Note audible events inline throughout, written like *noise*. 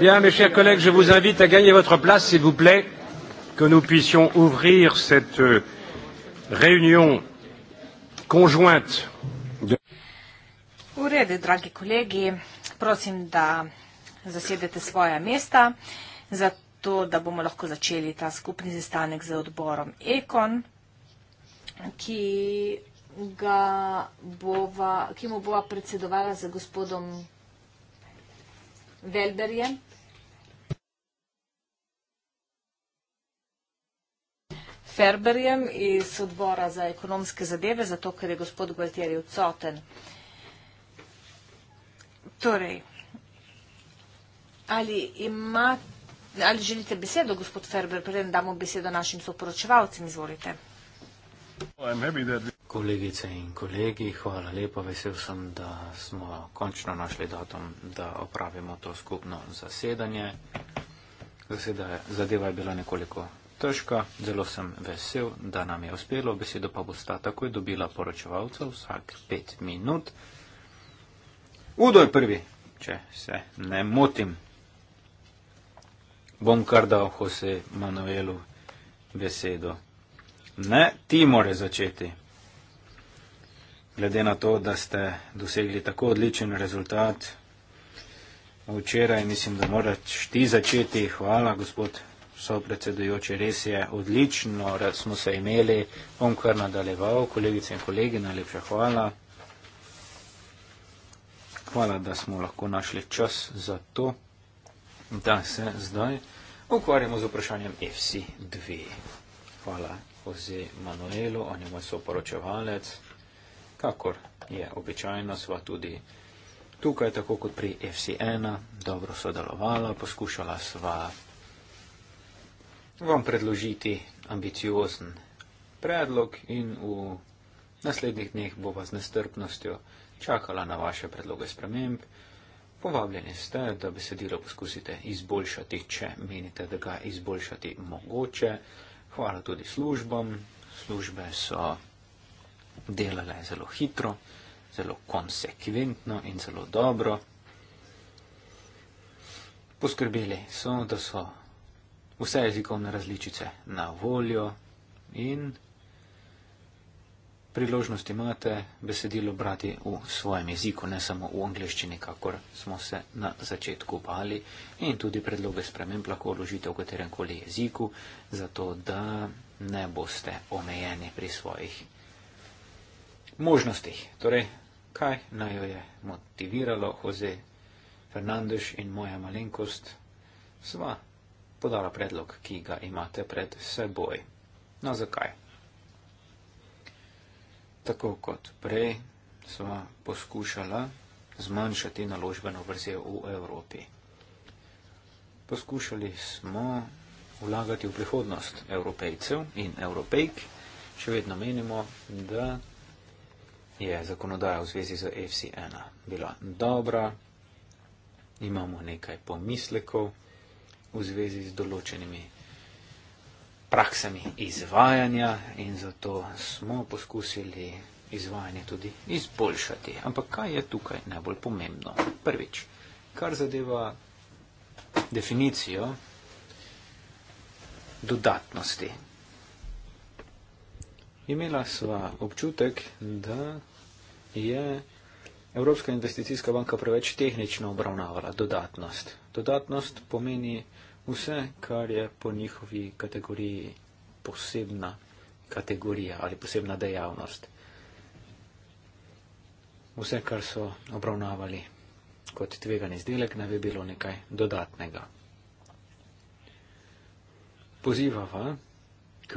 Bien, mes chers collègues, je vous invite à gagner votre place, s'il vous plaît, que nous puissions ouvrir cette euh, réunion conjointe. De... U redu, dragi kolegi, prosim, da zasedete svoja mesta, zato da bomo lahko začeli ta skupni zastanek z odborom Ekon, ki, ga bova, ki mu bova predsedovala za gospodom Velderjem. Ferberjem iz odbora za ekonomske zadeve, zato ker je gospod Gualtieri odsoten. Torej, ali, ima, ali želite besedo, gospod Ferber, preden damo besedo našim soporočevalcem, izvolite. Well, Kolegice in kolegi, hvala lepa, vesel sem, da smo končno našli datum, da opravimo to skupno zasedanje. Zasedaje, zadeva je bila nekoliko težka, zelo sem vesel, da nam je uspelo, besedo pa bosta takoj dobila poročevalca vsak pet minut. Udo je prvi, če se ne motim. Bom kar dal Jose Manuelu besedo. Ne, ti more začeti glede na to, da ste dosegli tako odličen rezultat včeraj, mislim, da morate ti začeti. Hvala, gospod sopredsedujoči, res je odlično, rad smo se imeli. Bom kar nadaljeval, kolegice in kolegi, najlepša hvala. Hvala, da smo lahko našli čas za to, da se zdaj ukvarjamo z vprašanjem FC2. Hvala. Jose Manuelo, on je moj soporočevalec kakor je običajno, sva tudi tukaj, tako kot pri FC1, dobro sodelovala, poskušala sva vam predložiti ambiciozen predlog in v naslednjih dneh bova z nestrpnostjo čakala na vaše predloge sprememb. Povabljeni ste, da besedilo poskusite izboljšati, če menite, da ga izboljšati mogoče. Hvala tudi službam. Službe so delala je zelo hitro, zelo konsekventno in zelo dobro. Poskrbeli so, da so vse jezikovne različice na voljo in priložnost imate besedilo brati v svojem jeziku, ne samo v angliščini, kakor smo se na začetku bali in tudi predloge sprememb lahko vložite v katerem koli jeziku, zato da ne boste omejeni pri svojih možnostih. Torej, kaj naj jo je motiviralo, Jose Fernandez in moja malenkost, sva podala predlog, ki ga imate pred seboj. Na no, zakaj? Tako kot prej sva poskušala zmanjšati naložbeno vrzel v Evropi. Poskušali smo vlagati v prihodnost evropejcev in evropejk, še vedno menimo, da je zakonodaja v zvezi z FC1 bila dobra, imamo nekaj pomislekov v zvezi z določenimi praksami izvajanja in zato smo poskusili izvajanje tudi izboljšati. Ampak kaj je tukaj najbolj pomembno? Prvič, kar zadeva definicijo dodatnosti imela sva občutek, da je Evropska investicijska banka preveč tehnično obravnavala dodatnost. Dodatnost pomeni vse, kar je po njihovi kategoriji posebna kategorija ali posebna dejavnost. Vse, kar so obravnavali kot tvegan izdelek, naj bi bilo nekaj dodatnega. Pozivava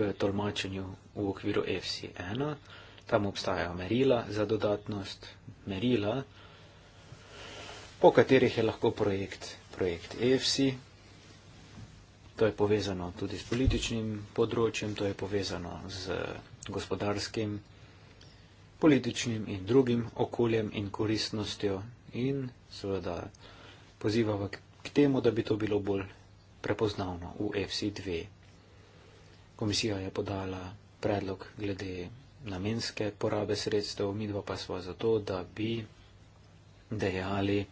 tolmačenju v okviru FC1. Tam obstajajo merila za dodatnost, merila, po katerih je lahko projekt, projekt FC. To je povezano tudi s političnim področjem, to je povezano z gospodarskim, političnim in drugim okoljem in koristnostjo in seveda pozivava k temu, da bi to bilo bolj prepoznavno v FC2. Komisija je podala predlog glede namenske porabe sredstev, mi dva pa smo zato, da bi dejali,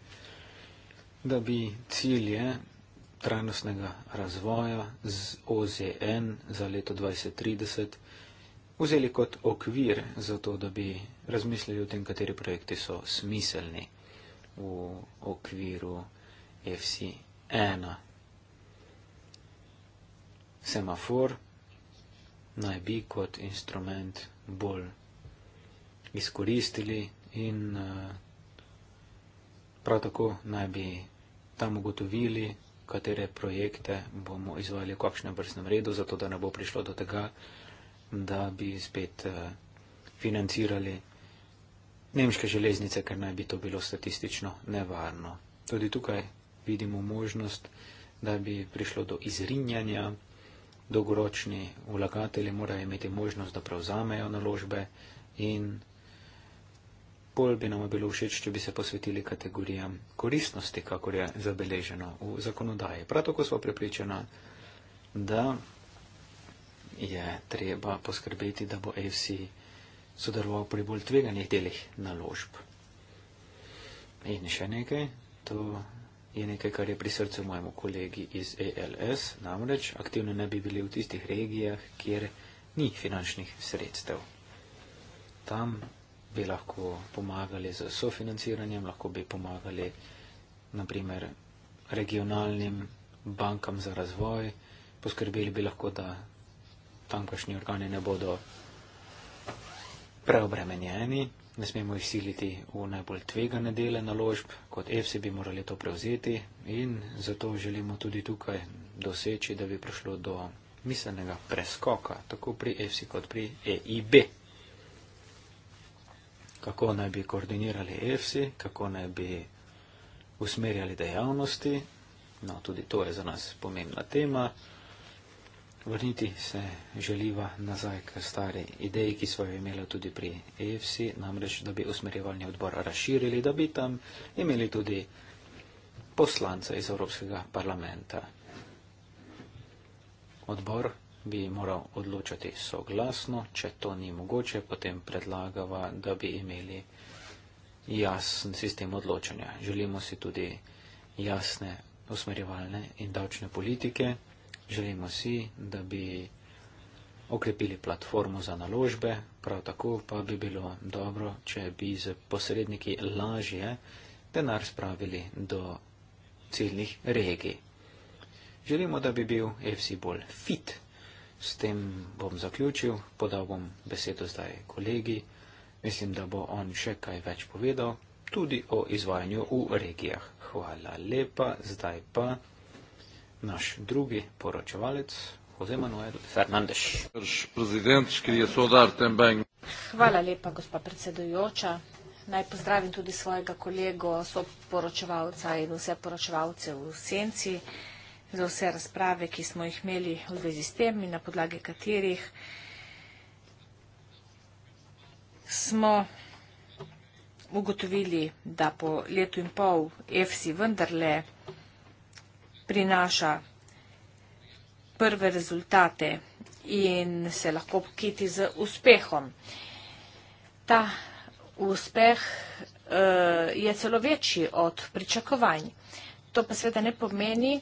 da bi cilje trajnostnega razvoja z OZN za leto 2030 vzeli kot okvir za to, da bi razmislili o tem, kateri projekti so smiselni v okviru FC1. Semafor naj bi kot instrument bolj izkoristili in eh, prav tako naj bi tam ugotovili, katere projekte bomo izvali v kakšnem vrstnem redu, zato da ne bo prišlo do tega, da bi spet eh, financirali nemške železnice, ker naj bi to bilo statistično nevarno. Tudi tukaj vidimo možnost, da bi prišlo do izrinjanja dolgoročni vlagatelji morajo imeti možnost, da prevzamejo naložbe in bolj bi nam bilo všeč, če bi se posvetili kategorijam koristnosti, kakor je zabeleženo v zakonodaji. Prav tako smo prepričani, da je treba poskrbeti, da bo AFC sodeloval pri bolj tveganih delih naložb. In še nekaj, to je nekaj, kar je pri srcu mojemu kolegi iz ALS, namreč aktivno ne bi bili v tistih regijah, kjer ni finančnih sredstev. Tam bi lahko pomagali z sofinanciranjem, lahko bi pomagali naprimer regionalnim bankam za razvoj, poskrbeli bi lahko, da tamkajšnji organi ne bodo preobremenjeni, ne smemo jih siliti v najbolj tvegane dele naložb, kot EFSI bi morali to prevzeti in zato želimo tudi tukaj doseči, da bi prišlo do miselnega preskoka, tako pri EFSI kot pri EIB. Kako naj bi koordinirali EFSI, kako naj bi usmerjali dejavnosti, no tudi to je za nas pomembna tema. Vrniti se želiva nazaj k stari ideji, ki so jo imeli tudi pri EFSI, namreč, da bi usmerjevalni odbor razširili, da bi tam imeli tudi poslance iz Evropskega parlamenta. Odbor bi moral odločati soglasno, če to ni mogoče, potem predlagava, da bi imeli jasen sistem odločanja. Želimo si tudi jasne usmerjevalne in davčne politike. Želimo si, da bi okrepili platformo za naložbe, prav tako pa bi bilo dobro, če bi z posredniki lažje denar spravili do ciljnih regij. Želimo, da bi bil FC bolj fit. S tem bom zaključil, podal bom besedo zdaj kolegi. Mislim, da bo on še kaj več povedal, tudi o izvajanju v regijah. Hvala lepa, zdaj pa naš drugi poročevalec, Jose Manuel Fernandez. Hvala lepa, gospa predsedujoča. Naj pozdravim tudi svojega kolego, soporočevalca in vse poročevalce v Senci za vse razprave, ki smo jih imeli v zvezi s tem in na podlagi katerih smo ugotovili, da po letu in pol EFSI vendarle prinaša prve rezultate in se lahko pokiti z uspehom. Ta uspeh eh, je celo večji od pričakovanj. To pa sveda ne pomeni,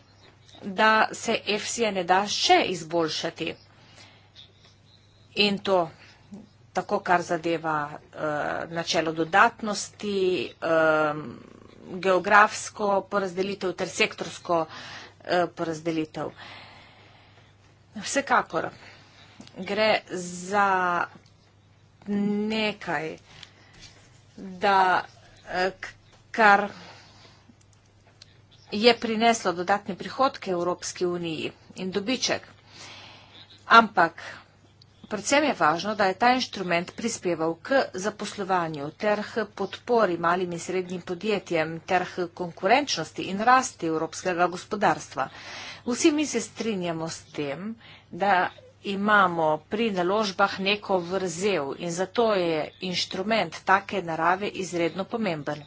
da se EFSI-ja ne da še izboljšati. In to tako, kar zadeva eh, načelo dodatnosti, načelo eh, dodatnosti, geografsko porazdelitev ter sektorsko eh, porazdelitev. Vsekakor gre za nekaj, da eh, kar je prineslo dodatne prihodke Evropski uniji in dobiček, ampak Predvsem je važno, da je ta inštrument prispeval k zaposlovanju ter k podpori malim in srednjim podjetjem ter k konkurenčnosti in rasti evropskega gospodarstva. Vsi mi se strinjamo s tem, da imamo pri naložbah neko vrzel in zato je inštrument take narave izredno pomemben.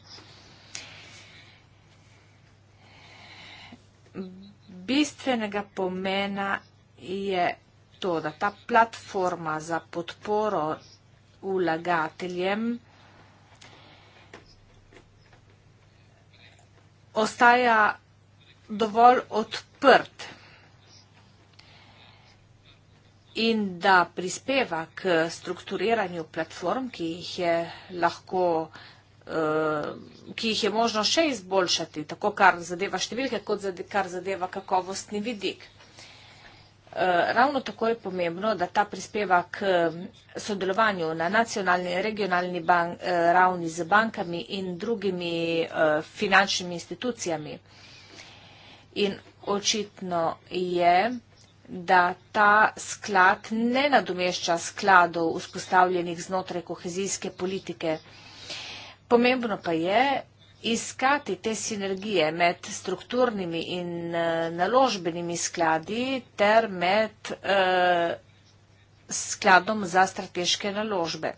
Bistvenega pomena je to, da ta platforma za podporo vlagateljem ostaja dovolj odprt in da prispeva k strukturiranju platform, ki jih je lahko eh, ki jih je možno še izboljšati, tako kar zadeva številke, kot kar zadeva kakovostni vidik. Eh, ravno tako je pomembno, da ta prispeva k eh, sodelovanju na nacionalni in regionalni eh, ravni z bankami in drugimi finančnimi institucijami. In očitno je, da ta sklad ne nadomešča skladov vzpostavljenih znotraj kohezijske politike. Pomembno pa je, iskati te sinergije med strukturnimi in eh, naložbenimi skladi ter med eh, skladom za strateške naložbe.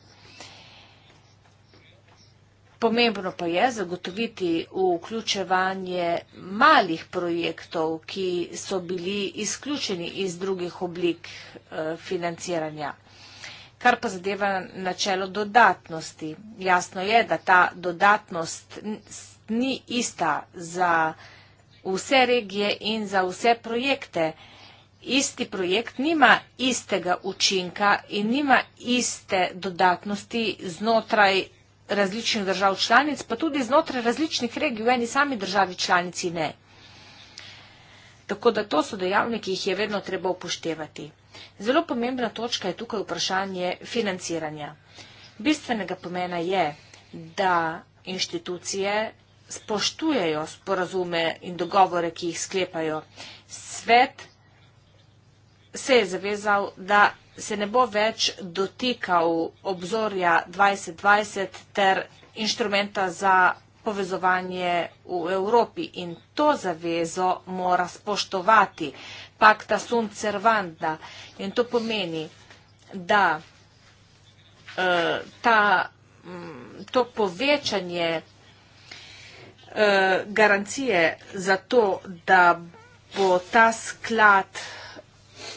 Pomembno pa je zagotoviti vključevanje malih projektov, ki so bili izključeni iz drugih oblik eh, financiranja. Kar pa zadeva načelo dodatnosti. Jasno je, da ta dodatnost ni ista za vse regije in za vse projekte. Isti projekt nima istega učinka in nima iste dodatnosti znotraj različnih držav članic, pa tudi znotraj različnih regij v eni sami državi članici ne. Tako da to so dejavniki, ki jih je vedno treba upoštevati. Zelo pomembna točka je tukaj vprašanje financiranja. Bistvenega pomena je, da inštitucije spoštujejo sporazume in dogovore, ki jih sklepajo. Svet se je zavezal, da se ne bo več dotikal obzorja 2020 ter inštrumenta za povezovanje v Evropi in to zavezo mora spoštovati. Pakta sum cervanda in to pomeni, da uh, ta, um, to povečanje uh, garancije za to, da bo ta sklad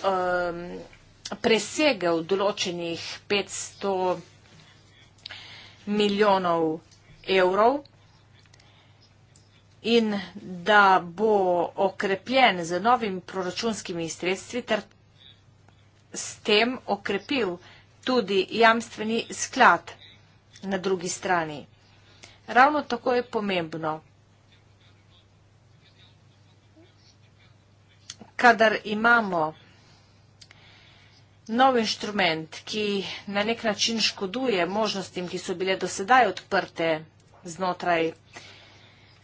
um, presegel določenih 500 milijonov evrov, in da bo okrepljen z novimi proračunskimi sredstvi ter s tem okrepil tudi jamstveni sklad na drugi strani. Ravno tako je pomembno, kadar imamo nov inštrument, ki na nek način škoduje možnostim, ki so bile dosedaj odprte znotraj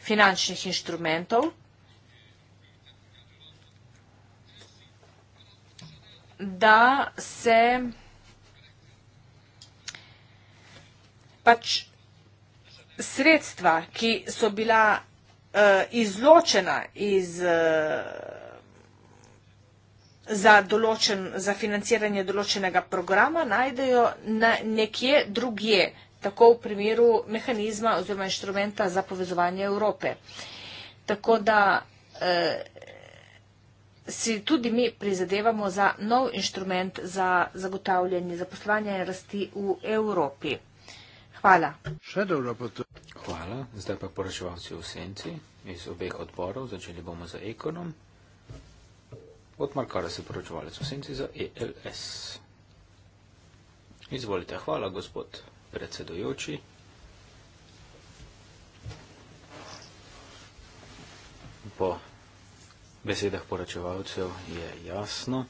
finančnih inštrumentov, da se pač sredstva, ki so bila uh, izločena iz, uh, za, določen, za financiranje določenega programa, najdejo na nekje drugje tako v primeru mehanizma oziroma inštrumenta za povezovanje Evrope. Tako da eh, si tudi mi prizadevamo za nov inštrument za zagotavljanje zaposlovanja in rasti v Evropi. Hvala. Hvala. Zdaj pa poročevalci v senci iz obeh odborov. Začeli bomo z Ekonom. Otmar Kara se poročevalec v senci za ELS. Izvolite. Hvala, gospod predsedujoči. Po besedah poročevalcev je jasno,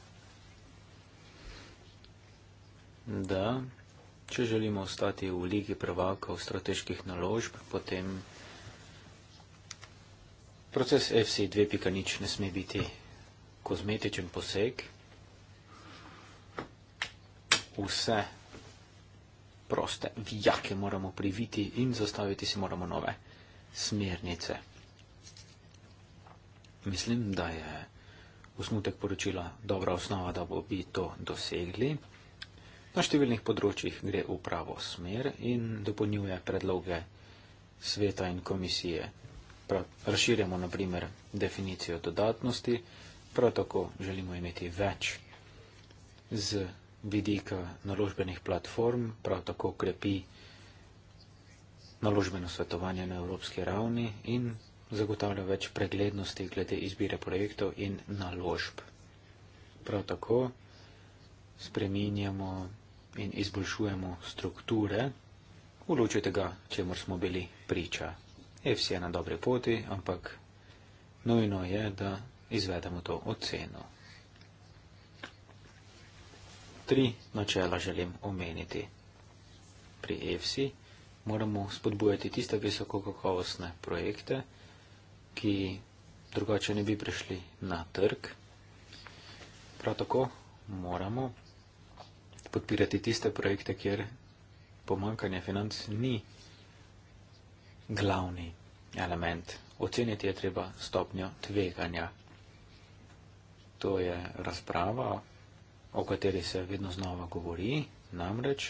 da če želimo ostati v ligi prvakov strateških naložb, potem proces FC 2.0 ne sme biti kozmetičen poseg. Vse proste. Vijake moramo priviti in zastaviti si moramo nove smernice. Mislim, da je usmutek poročila dobra osnova, da bo bi to dosegli. Na številnih področjih gre v pravo smer in dopolnjuje predloge sveta in komisije. Razširjamo naprimer definicijo dodatnosti, prav tako želimo imeti več z vidika naložbenih platform, prav tako krepi naložbeno svetovanje na evropski ravni in zagotavlja več preglednosti glede izbire projektov in naložb. Prav tako spreminjamo in izboljšujemo strukture v luči tega, čemu smo bili priča. EFS je na dobre poti, ampak nujno je, da izvedemo to oceno tri načela želim omeniti. Pri EFSI moramo spodbujati tiste visokokakovostne projekte, ki drugače ne bi prišli na trg. Prav tako moramo podpirati tiste projekte, kjer pomankanje financ ni glavni element. Oceniti je treba stopnjo tveganja. To je razprava o kateri se vedno znova govori, namreč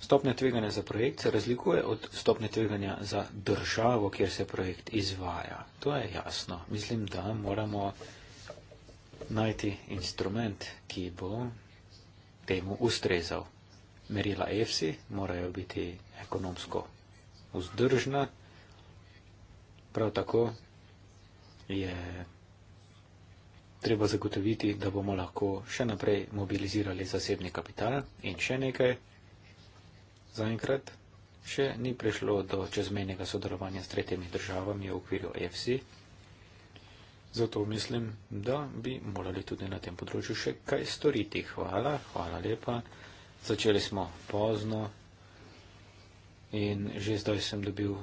stopnja tveganja za projekt se razlikuje od stopnje tveganja za državo, kjer se projekt izvaja. To je jasno. Mislim, da moramo najti instrument, ki bo temu ustrezal. Merila EFSI morajo biti ekonomsko vzdržna, prav tako je treba zagotoviti, da bomo lahko še naprej mobilizirali zasebni kapital in še nekaj. Zaenkrat še ni prišlo do čezmenjega sodelovanja s tretjimi državami v okviru EFSI, zato mislim, da bi morali tudi na tem področju še kaj storiti. Hvala, hvala lepa. Začeli smo pozno in že zdaj sem dobil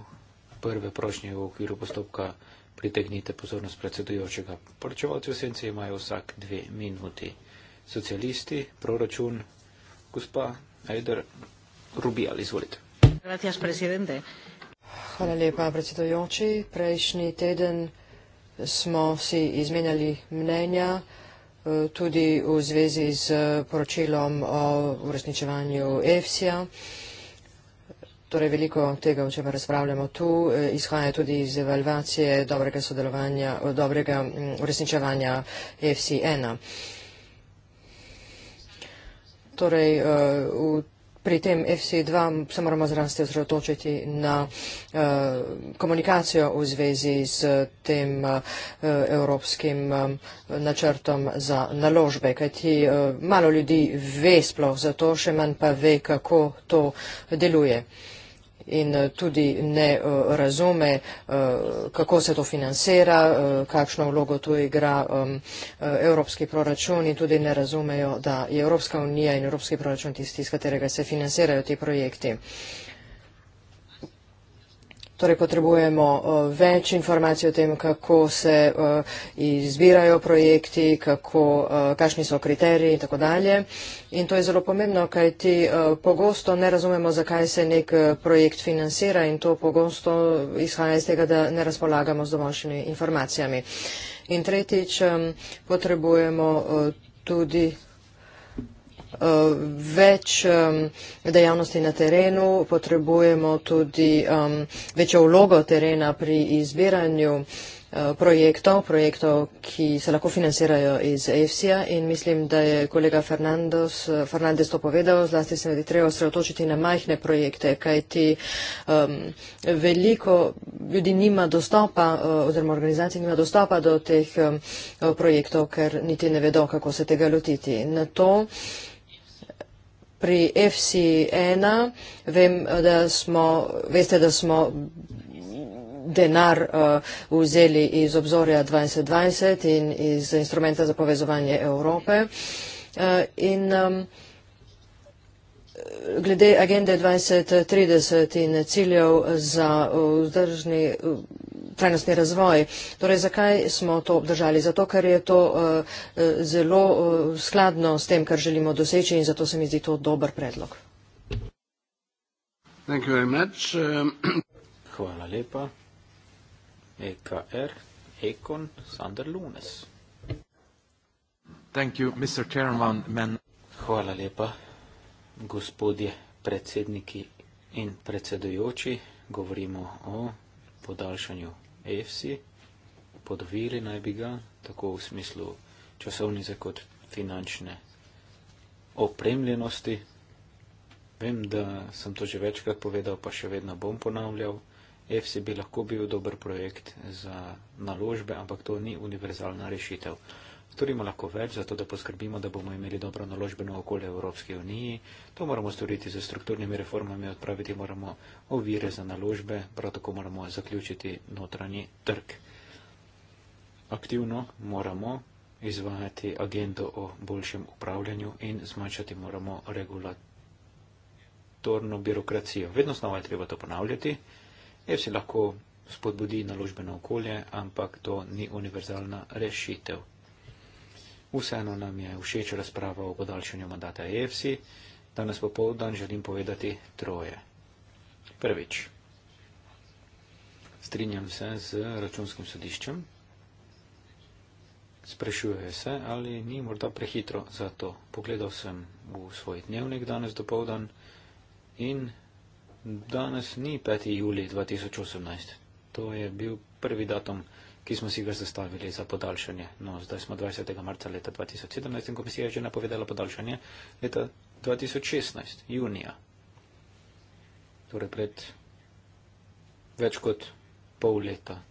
prve prošnje v okviru postopka. Pritegnite pozornost predsedujočega. Poročevalci v senci imajo vsak dve minuti. Socialisti, proračun, gospa Eder Rubijal, izvolite. Hvala lepa, predsedujoči. Prejšnji teden smo si izmenjali mnenja eh, tudi v zvezi z poročilom o uresničevanju EFSI-a. Torej, veliko tega, o čemer razpravljamo tu, eh, izhaja tudi iz evalvacije dobrega sodelovanja, eh, dobrega mm, uresničevanja FCN. -a. Torej, eh, v, pri tem FC2 se moramo zraste osredotočiti na komunikacijo v zvezi s tem evropskim načrtom za naložbe, kajti malo ljudi ve sploh za to, še manj pa ve, kako to deluje in eh, tudi ne eh, razume, eh, kako se to financira, kakšno vlogo tu igra evropski proračun in tudi ne razumejo, da je Evropska unija in evropski proračun tisti, iz katerega se financirajo ti projekti. Torej potrebujemo eh, več informacij o tem, kako se eh, izbirajo projekti, kako, eh, kakšni so kriteriji in tako dalje. In to je zelo pomembno, kaj ti pogosto ne razumemo, zakaj se nek projekt financira in to pogosto izhaja iz tega, da ne razpolagamo z dovoljšimi informacijami. In tretjič, potrebujemo tudi Eh, več eh, dejavnosti na terenu, potrebujemo tudi eh, večjo vlogo terena pri izbiranju projektov, projektov, ki se lahko financirajo iz EFSI-ja in mislim, da je kolega Fernandos, Fernandez to povedal, zlasti se je treba osredotočiti na majhne projekte, kajti um, veliko ljudi nima dostopa oziroma organizacij nima dostopa do teh um, projektov, ker niti ne vedo, kako se tega lotiti. Na to pri FC1, vem, da smo, veste, da smo denar uh, vzeli iz obzorja 2020 in iz instrumenta za povezovanje Evrope. Uh, in um, glede agende 2030 in ciljev za vzdržni. Uh, trajnostni razvoj. Torej, zakaj smo to obdržali? Zato, ker je to eh, eh, zelo eh, skladno s tem, kar želimo doseči in zato se mi zdi to dober predlog. *clears throat* Hvala lepa. EKR, er, Ekon, Sander Lunes. Hvala lepa, gospodje predsedniki in predsedujoči. Govorimo o podaljšanju EFSI, podvojili naj bi ga, tako v smislu časovnice kot finančne opremljenosti. Vem, da sem to že večkrat povedal, pa še vedno bom ponavljal. EFSI bi lahko bil dober projekt za naložbe, ampak to ni univerzalna rešitev. Storimo lahko več za to, da poskrbimo, da bomo imeli dobro naložbeno okolje v Evropski uniji. To moramo storiti z strukturnimi reformami, odpraviti moramo ovire za naložbe, prav tako moramo zaključiti notranji trg. Aktivno moramo izvajati agendo o boljšem upravljanju in zmanjšati moramo regulatorno birokracijo. Vedno znova je treba to ponavljati. EF si lahko spodbudi naložbeno okolje, ampak to ni univerzalna rešitev. Vseeno nam je všeč razprava o podaljšanju mandata EFSI. Danes popoldan želim povedati troje. Prvič. Strinjam se z računskim sodiščem. Sprašujejo se, ali ni morda prehitro za to. Pogledal sem v svoj dnevnik danes dopoldan in danes ni 5. julij 2018. To je bil prvi datum ki smo si ga zastavili za podaljšanje. No, zdaj smo 20. marca leta 2017 in komisija je že napovedala podaljšanje leta 2016, junija. Torej pred več kot pol leta.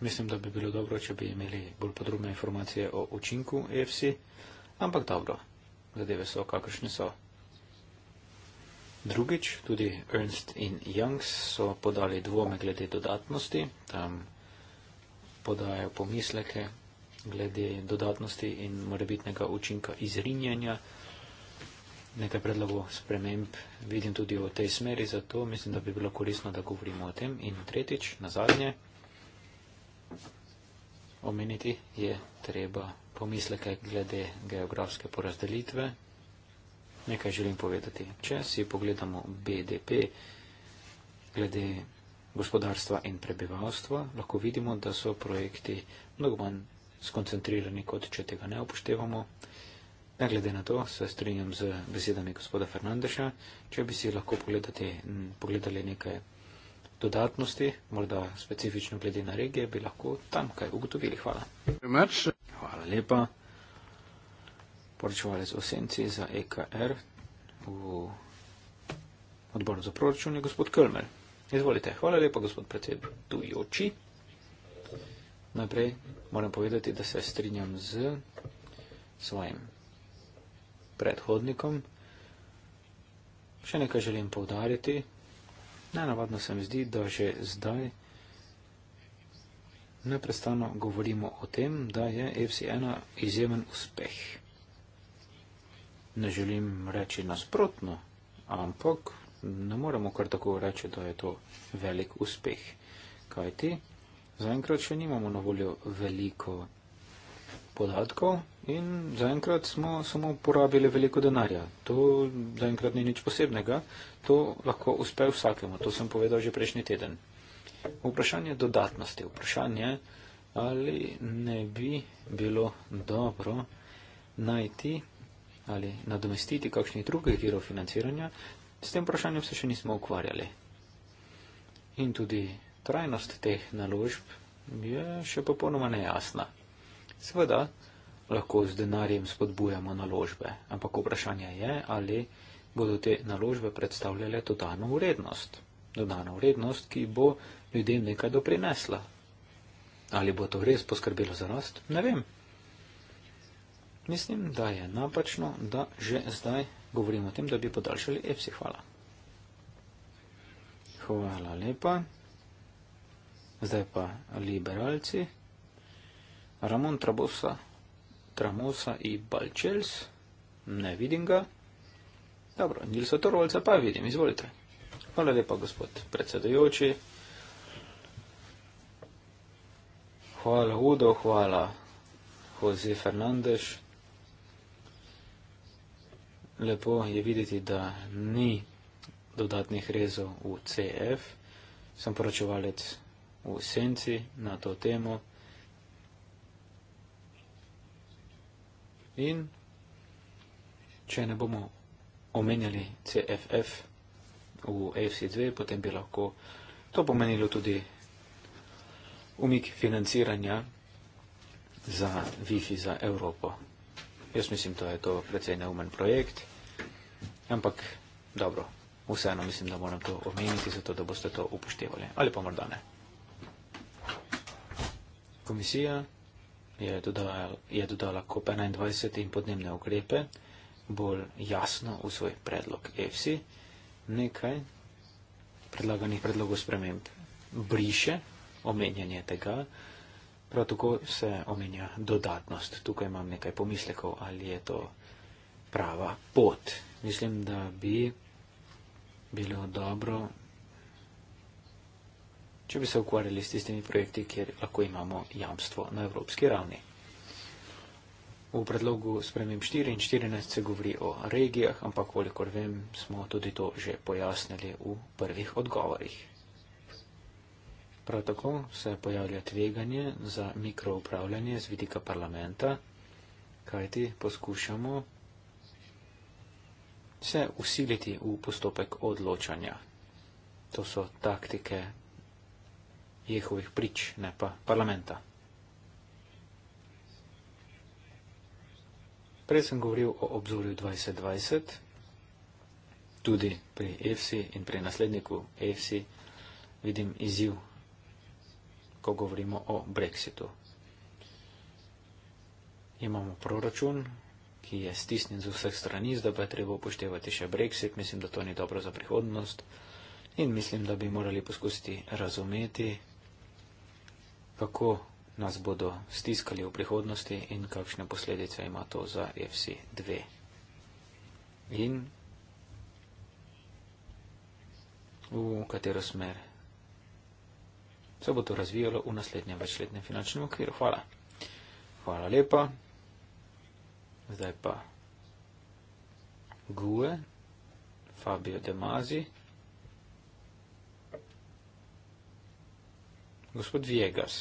Mislim, da bi bilo dobro, če bi imeli bolj podrobne informacije o učinku EFSI, ampak dobro, zadeve so kakršne so. Drugič, tudi Ernst in Youngs so podali dvome glede dodatnosti, tam podajajo pomisleke glede dodatnosti in morebitnega učinka izrinjanja. Nekaj predlogov sprememb vidim tudi v tej smeri, zato mislim, da bi bilo korisno, da govorimo o tem. In tretjič, na zadnje, omeniti je treba pomisleke glede geografske porazdelitve nekaj želim povedati. Če si pogledamo BDP glede gospodarstva in prebivalstva, lahko vidimo, da so projekti mnogo manj skoncentrirani, kot če tega ne upoštevamo. Ne glede na to, se strinjam z besedami gospoda Fernandeša, če bi si lahko pogledati, pogledali nekaj dodatnosti, morda specifično glede na regije, bi lahko tam kaj ugotovili. Hvala. Hvala lepa poročevalec o senci za EKR v odboru za proračun je gospod Kölmer. Izvolite. Hvala lepa, gospod predsedujoči. Najprej moram povedati, da se strinjam z svojim predhodnikom. Še nekaj želim povdariti. Nenavadno se mi zdi, da že zdaj neprestano govorimo o tem, da je FC1 izjemen uspeh ne želim reči nasprotno, ampak ne moremo kar tako reči, da je to velik uspeh. Kaj ti? Zaenkrat še nimamo na voljo veliko podatkov in zaenkrat smo samo porabili veliko denarja. To zaenkrat ni nič posebnega, to lahko uspe vsakemu, to sem povedal že prejšnji teden. Vprašanje dodatnosti, vprašanje, ali ne bi bilo dobro najti ali nadomestiti kakšnih drugih virov financiranja, s tem vprašanjem se še nismo ukvarjali. In tudi trajnost teh naložb je še popolnoma nejasna. Seveda lahko z denarjem spodbujamo naložbe, ampak vprašanje je, ali bodo te naložbe predstavljale dodano vrednost. Dodano vrednost, ki bo ljudem nekaj doprinesla. Ali bo to res poskrbelo za rast? Ne vem. Mislim, da je napačno, da že zdaj govorimo o tem, da bi podaljšali EPSI. Hvala. Hvala lepa. Zdaj pa liberalci. Ramon Trabosa, Tramosa i Balčels. Ne vidim ga. Dobro, Nilsa Torvalca pa vidim, izvolite. Hvala lepa, gospod predsedajoči. Hvala Udo, hvala Jose Fernandez, Lepo je videti, da ni dodatnih rezov v CF. Sem poročevalec v senci na to temo. In če ne bomo omenjali CFF v FC2, potem bi lahko to pomenilo tudi umik financiranja za Wi-Fi za Evropo. Jaz mislim, da je to precej neumen projekt, ampak dobro, vseeno mislim, da moram to omeniti, zato da boste to upoštevali. Ali pa morda ne. Komisija je dodala, je dodala COP21 in podnebne ukrepe bolj jasno v svoj predlog EFSI. Nekaj predlaganih predlogov sprememb briše omenjanje tega, Prav tako se omenja dodatnost. Tukaj imam nekaj pomislekov, ali je to prava pot. Mislim, da bi bilo dobro, če bi se ukvarjali s tistimi projekti, kjer lahko imamo jamstvo na evropski ravni. V predlogu spremem 4 in 14 se govori o regijah, ampak kolikor vem, smo tudi to že pojasnili v prvih odgovorih. Prav tako se pojavlja tveganje za mikroupravljanje z vidika parlamenta, kajti poskušamo se usiliti v postopek odločanja. To so taktike jehovih prič, ne pa parlamenta. Prej sem govoril o obzorju 2020, tudi pri EFSI in pri nasledniku EFSI vidim izjiv ko govorimo o brexitu. Imamo proračun, ki je stisnjen z vseh strani, zdaj pa je treba upoštevati še brexit, mislim, da to ni dobro za prihodnost in mislim, da bi morali poskusiti razumeti, kako nas bodo stiskali v prihodnosti in kakšne posledice ima to za FC2. In v katero smer se bo to razvijalo v naslednjem večletnem finančnem okviru. Hvala. Hvala lepa. Zdaj pa Gue, Fabio De Mazi, gospod Viegas.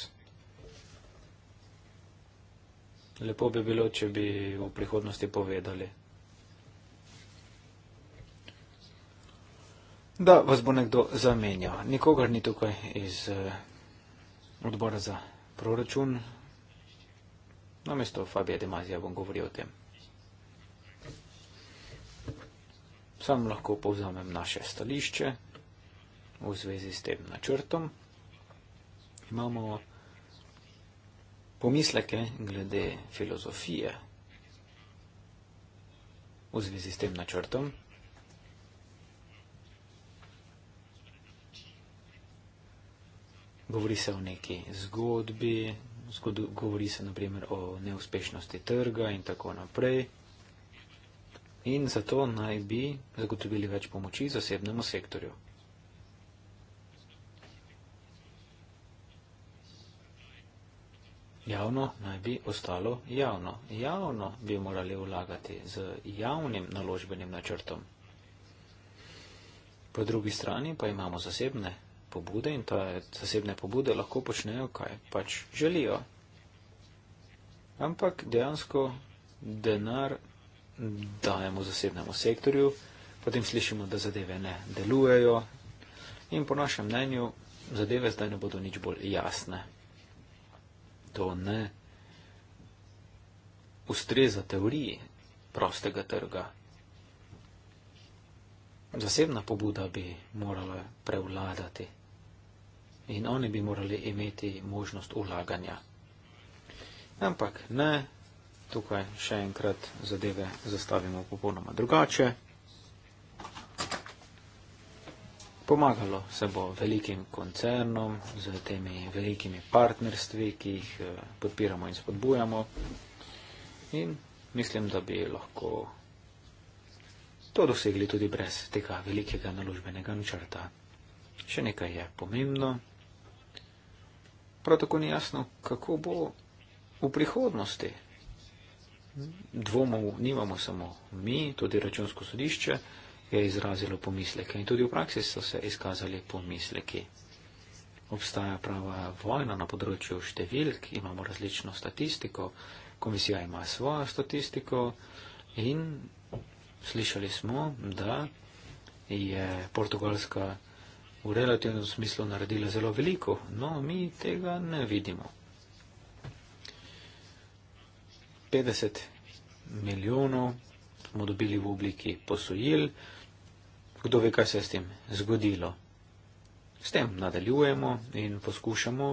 Lepo bi bilo, če bi v prihodnosti povedali. Da vas bo nekdo zamenjal. Nikogar ni tukaj iz. Eh, odbora za proračun. Na mesto Fabija Demazija bom govoril o tem. Sam lahko povzamem naše stališče v zvezi s tem načrtom. Imamo pomisleke glede filozofije v zvezi s tem načrtom. Govori se o neki zgodbi, zgod, govori se naprimer o neuspešnosti trga in tako naprej. In zato naj bi zagotovili več pomoči zasebnemu sektorju. Javno naj bi ostalo javno. Javno bi morali vlagati z javnim naložbenim načrtom. Po drugi strani pa imamo zasebne pobude in te zasebne pobude lahko počnejo, kaj pač želijo. Ampak dejansko denar dajemo zasebnemu sektorju, potem slišimo, da zadeve ne delujejo in po našem mnenju zadeve zdaj ne bodo nič bolj jasne. To ne ustreza teoriji prostega trga. Zasebna pobuda bi morala prevladati in oni bi morali imeti možnost ulaganja. Ampak ne, tukaj še enkrat zadeve zastavimo popolnoma drugače. Pomagalo se bo velikim koncernom z temi velikimi partnerstvi, ki jih eh, podpiramo in spodbujamo. In mislim, da bi lahko to dosegli tudi brez tega velikega naložbenega načrta. Še nekaj je pomembno prav tako ni jasno, kako bo v prihodnosti. Dvomov nimamo samo mi, tudi računsko sodišče je izrazilo pomisleke in tudi v praksi so se izkazali pomisleki. Obstaja prava vojna na področju številk, imamo različno statistiko, komisija ima svojo statistiko in slišali smo, da je portugalska v relativnem smislu naredila zelo veliko, no mi tega ne vidimo. 50 milijonov smo dobili v obliki posojil, kdo ve, kaj se je s tem zgodilo. S tem nadaljujemo in poskušamo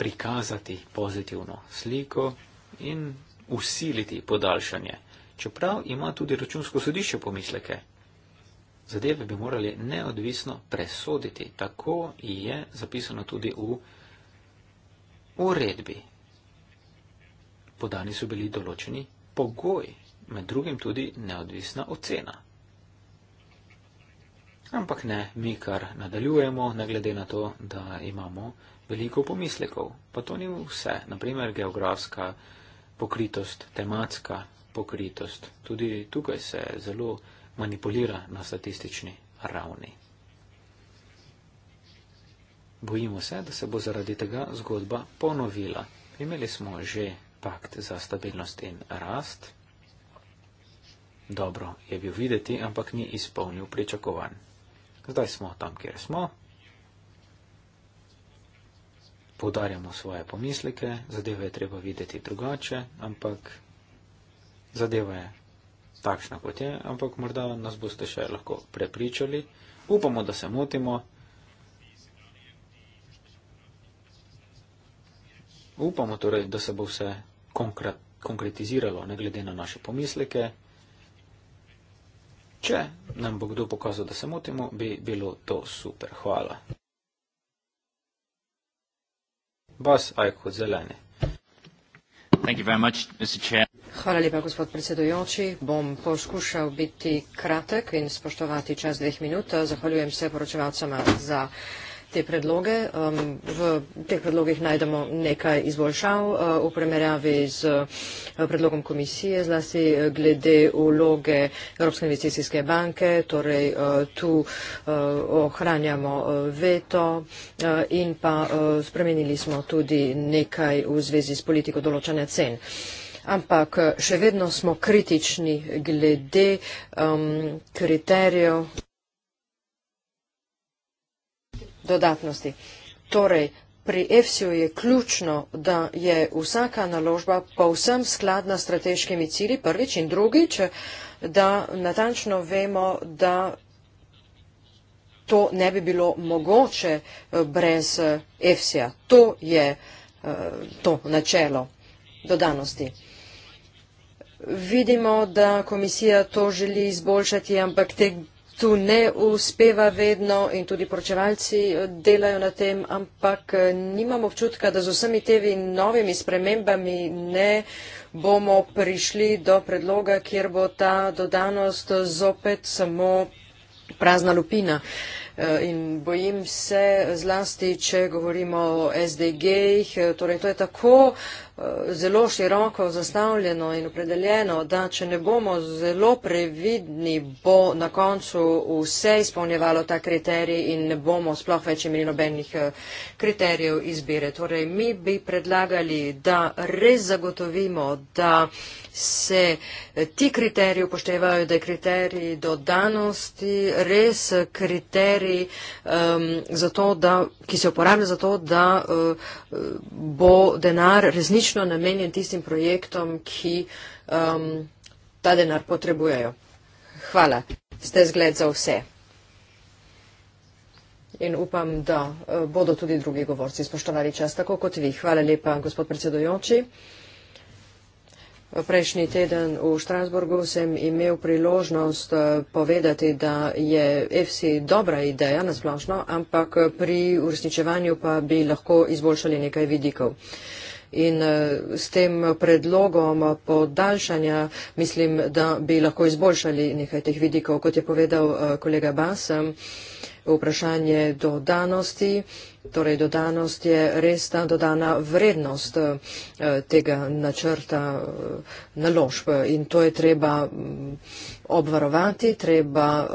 prikazati pozitivno sliko in usiliti podaljšanje. Čeprav ima tudi računsko sodišče pomisleke, zadeve bi morali neodvisno presoditi. Tako je zapisano tudi v uredbi. Podani so bili določeni pogoji, med drugim tudi neodvisna ocena. Ampak ne, mi kar nadaljujemo, ne glede na to, da imamo veliko pomislekov. Pa to ni vse. Naprimer, geografska pokritost, tematska pokritost. Tudi tukaj se zelo manipulira na statistični ravni. Bojimo se, da se bo zaradi tega zgodba ponovila. Imeli smo že pakt za stabilnost in rast. Dobro je bil videti, ampak ni izpolnil pričakovanj. Zdaj smo tam, kjer smo. Podarjamo svoje pomislike, zadeve je treba videti drugače, ampak zadeva je takšna, kot je, ampak morda nas boste še lahko prepričali. Upamo, da se motimo. Upamo torej, da se bo vse konkret, konkretiziralo, ne glede na naše pomisleke. Če nam bo kdo pokazal, da se motimo, bi bilo to super. Hvala. Bas, ajko, zelene. Hvala lepa, gospod predsedujoči. Bom poskušal biti kratek in spoštovati čas dveh minut. Zahvaljujem se poročevalcama za te predloge. Um, v teh predlogih najdemo nekaj izboljšav uh, v primerjavi z uh, predlogom komisije, zlasti uh, glede uloge Evropske investicijske banke, torej uh, tu uh, ohranjamo uh, veto uh, in pa uh, spremenili smo tudi nekaj v zvezi s politiko določanja cen. Ampak uh, še vedno smo kritični glede um, kriterijev dodatnosti. Torej, pri EFSIO je ključno, da je vsaka naložba povsem skladna s strateškimi cili, prvič in drugič, da natančno vemo, da to ne bi bilo mogoče eh, brez EFSIA. Eh, to je eh, to načelo dodanosti. Vidimo, da komisija to želi izboljšati, ampak te tu ne uspeva vedno in tudi poročevalci eh, delajo na tem, ampak eh, nimam občutka, da z vsemi temi novimi spremembami ne bomo prišli do predloga, kjer bo ta dodanost zopet samo prazna lupina. Eh, in bojim se zlasti, če govorimo o SDG-jih, torej to je tako uh, zelo široko zastavljeno in opredeljeno, da če ne bomo zelo previdni, bo na koncu vse izpolnjevalo ta kriterij in ne bomo sploh več imeli nobenih eh, kriterijev izbire. Torej, mi bi predlagali, da res zagotovimo, da se eh, ti kriteriji upoštevajo, da je kriterij dodanosti res kriterij, um, to, da, ki se uporablja za to, da uh, bo denar resničen izključno namenjen tistim projektom, ki um, ta denar potrebujejo. Hvala, ste zgled za vse. In upam, da eh, bodo tudi drugi govorci spoštovali čas, tako kot vi. Hvala lepa, gospod predsedojoči. Prejšnji teden v Štrasburgu sem imel priložnost eh, povedati, da je EFSI dobra ideja na splošno, ampak pri uresničevanju pa bi lahko izboljšali nekaj vidikov in eh, s tem predlogom podaljšanja mislim, da bi lahko izboljšali nekaj teh vidikov, kot je povedal eh, kolega Basem. Vprašanje dodanosti, torej dodanost je res ta dodana vrednost eh, tega načrta naložb in to je treba mm, obvarovati, treba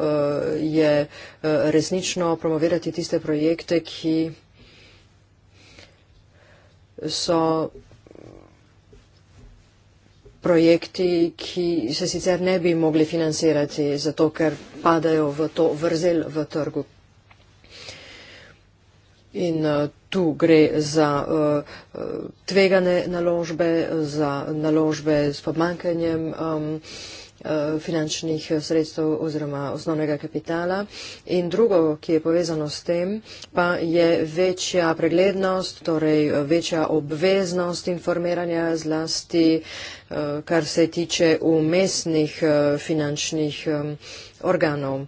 je resnično promovirati tiste projekte, ki so projekti, ki se sicer ne bi mogli financirati, zato ker padajo v to vrzel v trgu. In eh, tu gre za eh, eh, tvegane naložbe, za naložbe s pomankanjem. Um, Eh, finančnih eh, sredstev oziroma osnovnega kapitala. In drugo, ki je povezano s tem, pa je večja preglednost, torej eh, večja obveznost informiranja zlasti, kar se tiče umestnih finančnih organov.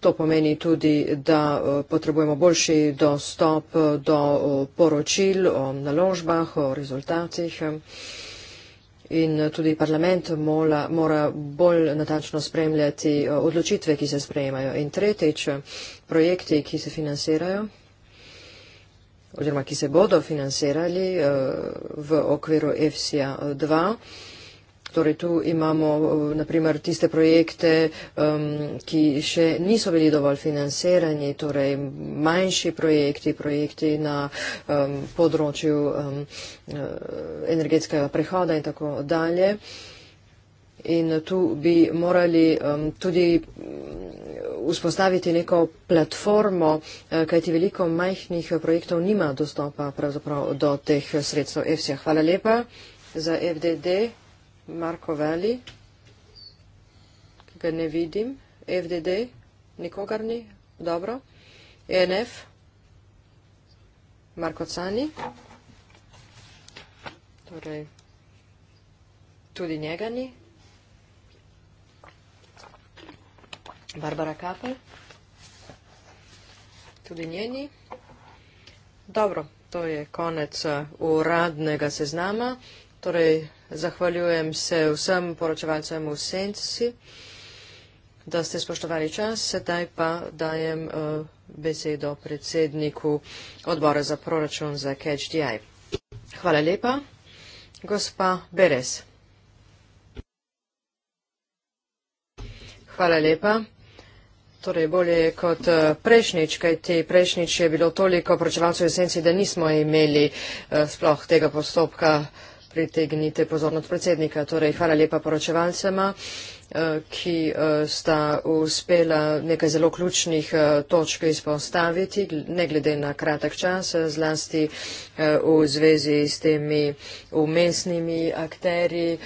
To pomeni tudi, da potrebujemo boljši dostop do poročil o naložbah, o rezultatih. In eh, tudi parlament mora, mora bolj natančno spremljati eh, odločitve, ki se sprejemajo. In tretjič, eh, projekti, ki se financirajo oziroma ki se bodo financirali v okviru EFSIA 2 Torej, tu imamo eh, naprimer tiste projekte, um, ki še niso bili dovolj financirani, torej manjši projekti, projekti na um, področju um, energetskega prehoda in tako dalje. In tu bi morali um, tudi mm, vzpostaviti neko platformo, eh, kajti veliko majhnih projektov nima dostopa pravzaprav do teh sredstev EFSA. Hvala lepa za FDD. Marko Veli, ki ga ne vidim, FDD, nikogar ni, dobro, ENF, Marko Cani, torej tudi njega ni, Barbara Kapel, tudi njeni. Dobro, to je konec eh, uradnega seznama, torej Zahvaljujem se vsem poročevalcem v senci, da ste spoštovali čas, sedaj pa dajem eh, besedo predsedniku odbora za proračun za CatchDI. Hvala lepa. Gospa Beres. Hvala lepa. Torej, bolje je kot eh, prejšnjič, kaj ti prejšnjič je bilo toliko pročevalcev v esenci, da nismo imeli eh, sploh tega postopka pritegnite pozornost predsednika. Torej, hvala lepa poročevalcema, eh, ki eh, sta uspela nekaj zelo ključnih eh, točk izpostaviti, ne glede na kratek čas, zlasti v zvezi s temi umestnimi akteri,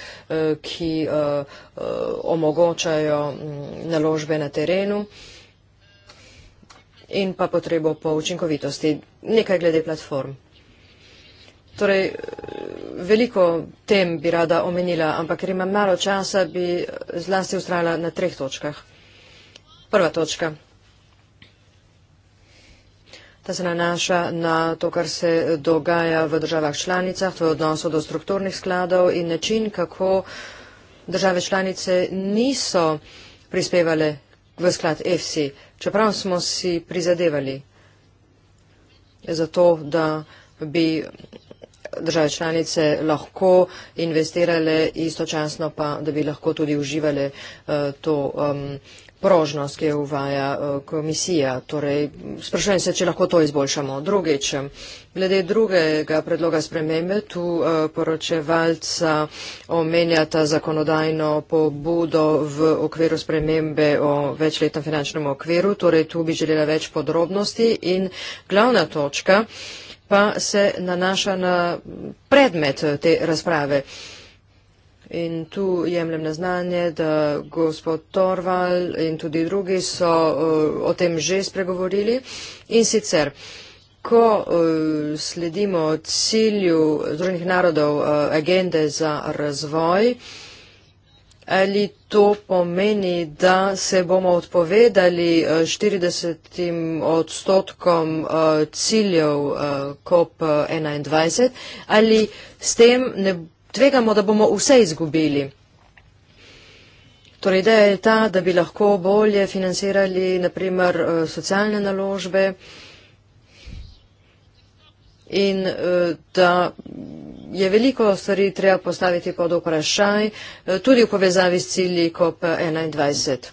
ki omogočajo mm, naložbe na terenu in pa potrebo po učinkovitosti. Nekaj glede platform. Torej, veliko tem bi rada omenila, ampak ker imam malo časa, bi zlasti ustrajala na treh točkah. Prva točka. Ta se nanaša na to, kar se dogaja v državah članicah, to je odnosu do strukturnih skladov in način, kako države članice niso prispevale v sklad EFSI, čeprav smo si prizadevali za to, da bi države članice lahko investirale, istočasno pa, da bi lahko tudi uživale eh, to prožnost, ki jo uvaja eh, komisija. Torej, sprašujem se, če lahko to izboljšamo. Drugič, glede drugega predloga spremembe, tu eh, poročevalca omenjata zakonodajno pobudo v okviru spremembe o večletnem finančnem okviru, torej tu bi želela več podrobnosti in glavna točka, pa se nanaša na predmet te razprave. In tu jemljem na znanje, da gospod Torval in tudi drugi so eh, o tem že spregovorili. In sicer, ko eh, sledimo cilju Združenih narodov eh, agende za razvoj, Ali to pomeni, da se bomo odpovedali 40 eh, odstotkom eh, ciljev eh, COP21 ali s tem ne tvegamo, da bomo vse izgubili? Torej, ideja je ta, da bi lahko bolje financirali naprimer socialne naložbe in da je veliko stvari treba postaviti pod vprašaj, eh, tudi v povezavi s cilji COP21.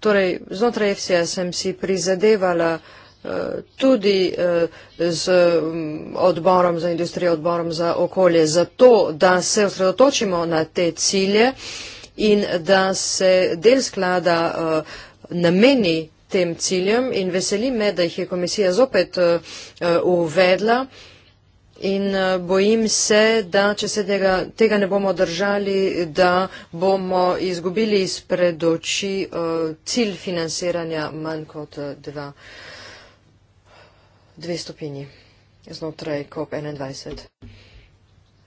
Torej, znotraj FCA sem si prizadevala eh, tudi eh, z mm, odborom za industrijo, odborom za okolje, zato da se osredotočimo na te cilje in da se del sklada nameni tem ciljem in veseli me, da jih je komisija zopet uvedla. Uh, uh, In eh, bojim se, da če se tega, tega ne bomo držali, da bomo izgubili iz predoči uh, eh, cilj financiranja manj kot eh, dva, dve stopinji znotraj COP21.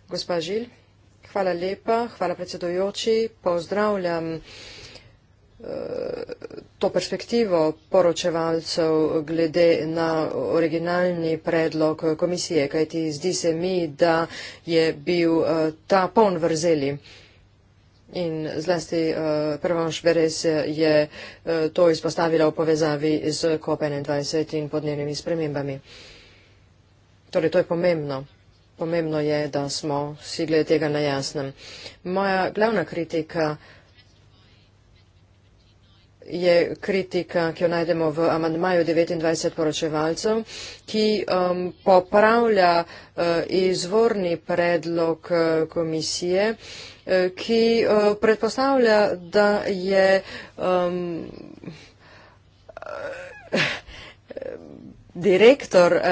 Gospa Žil, hvala lepa, hvala predsedojoči, pozdravljam. Eh, to perspektivo poročevalcev glede na originalni predlog komisije, kajti zdi se mi, da je bil eh, ta poln vrzeli. In zlasti uh, eh, Prvanš Veres je uh, to izpostavila v povezavi z COP21 in podnebnimi spremembami. Torej, to je pomembno. Pomembno je, da smo si glede tega na jasnem. Moja glavna kritika uh, je kritika, ki jo najdemo v amandmaju 29 poročevalcev, ki um, popravlja uh, izvorni predlog uh, komisije, uh, ki uh, predpostavlja, da je um, *laughs* direktor uh,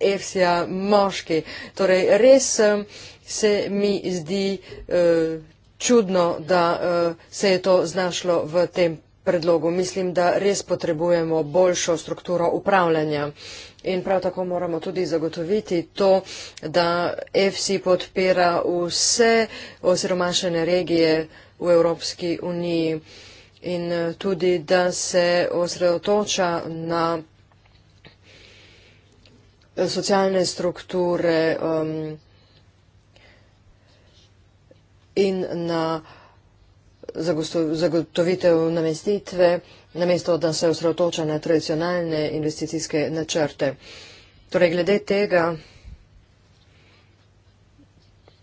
EFSA moški. Torej, res um, se mi zdi. Uh, Čudno, da uh, se je to znašlo v tem predlogu. Mislim, da res potrebujemo boljšo strukturo upravljanja. In prav tako moramo tudi zagotoviti to, da FC podpira vse osiromašene regije v Evropski uniji in eh, tudi, da se osredotoča na eh, socialne strukture um, in na uh, zagotovitev namestitve, namesto da se osredotoča na tradicionalne investicijske načrte. Torej, glede tega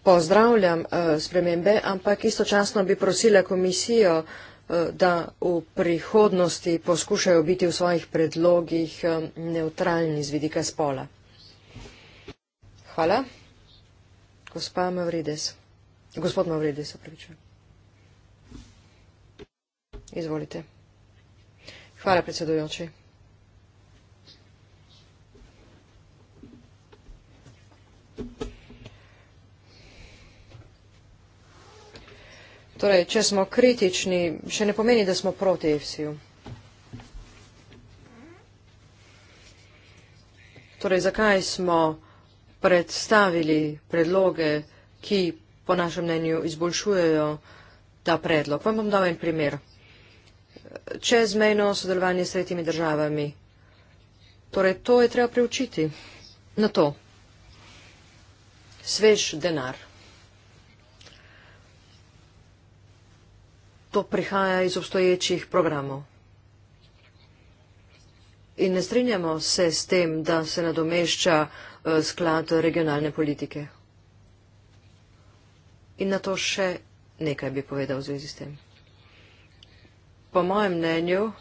pozdravljam eh, spremembe, ampak istočasno bi prosila komisijo, eh, da v prihodnosti poskušajo biti v svojih predlogih eh, neutralni z vidika spola. Hvala. Gospa Mavrides. Gospod Mavrides, opravičujem. Izvolite. Hvala, predsedujoči. Torej, če smo kritični, še ne pomeni, da smo proti EFSI-ju. Torej, zakaj smo predstavili predloge, ki po našem mnenju izboljšujejo ta predlog? Vam bom dal en primer čezmejno sodelovanje s tretjimi državami. Torej, to je treba preučiti. Na to. Svež denar. To prihaja iz obstoječih programov. In ne strinjamo se s tem, da se nadomešča eh, sklad regionalne politike. In na to še nekaj bi povedal v zvezi s tem po mojem mnenju,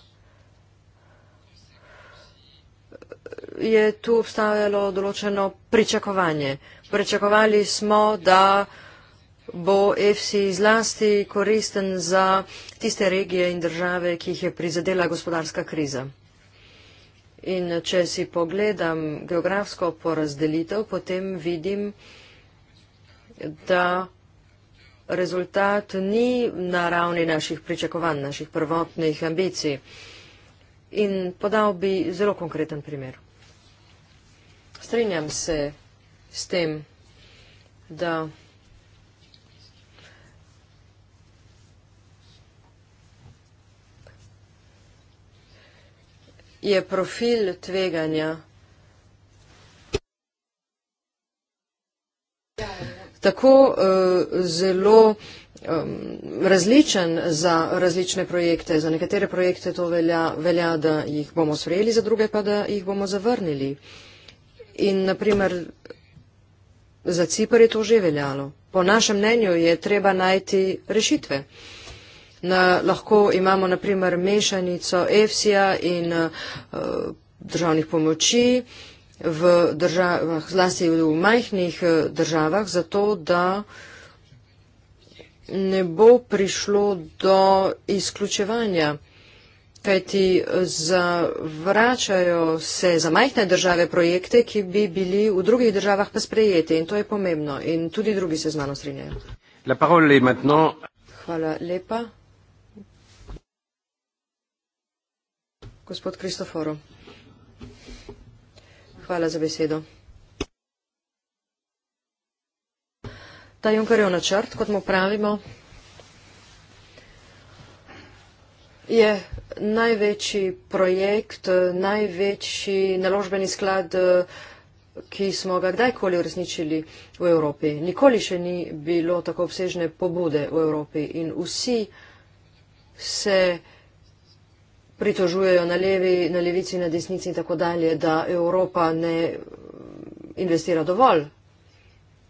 je tu obstajalo določeno pričakovanje. Pričakovali smo, da bo EFSI zlasti koristen za tiste regije in države, ki jih je prizadela gospodarska kriza. In če si pogledam geografsko porazdelitev, potem vidim, da rezultat ni na ravni naših pričakovanj, naših prvotnih ambicij. In podal bi zelo konkreten primer. Strinjam se s tem, da je profil tveganja tako uh, zelo um, različen za različne projekte. Za nekatere projekte to velja, velja, da jih bomo sprejeli, za druge pa, da jih bomo zavrnili. In naprimer, za Cipr je to že veljalo. Po našem mnenju je treba najti rešitve. Na, lahko imamo naprimer mešanico EFSI-ja in uh, državnih pomoči. Uh, v državah, zlasti v majhnih eh, državah, zato da ne bo prišlo do izključevanja. Kajti eh, zavračajo se za majhne države projekte, ki bi bili v drugih državah pa sprejeti in to je pomembno in tudi drugi se z mano strinjajo. Hvala lepa. Gospod Kristoforo. Hvala za besedo. Ta Junkarjev načrt, kot mu pravimo, je največji projekt, največji naložbeni sklad, ki smo ga kdajkoli uresničili v Evropi. Nikoli še ni bilo tako obsežne pobude v Evropi in vsi se pritožujejo na, levi, na levici, na desnici in tako dalje, da Evropa ne investira dovolj.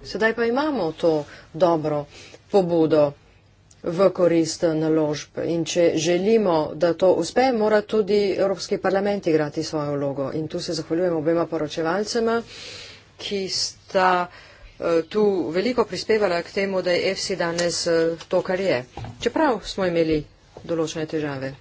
Sedaj pa imamo to dobro pobudo v korist naložb in če želimo, da to uspe, mora tudi Evropski parlament igrati svojo vlogo. In tu se zahvaljujemo obema poročevalcema, ki sta eh, tu veliko prispevala k temu, da je EFSI danes eh, to, kar je. Čeprav smo imeli določene težave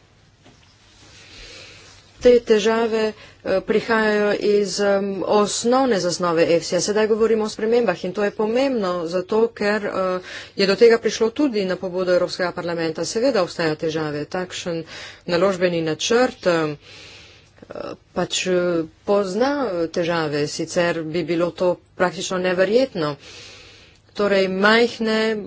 te težave eh, prihajajo iz um, osnovne zasnove EFSI-ja. Sedaj govorimo o spremembah in to je pomembno zato, ker uh, je do tega prišlo tudi na pobudo Evropskega parlamenta. Seveda obstajajo težave. Takšen naložbeni načrt uh, pač uh, pozna težave, sicer bi bilo to praktično neverjetno. Uh, torej majhne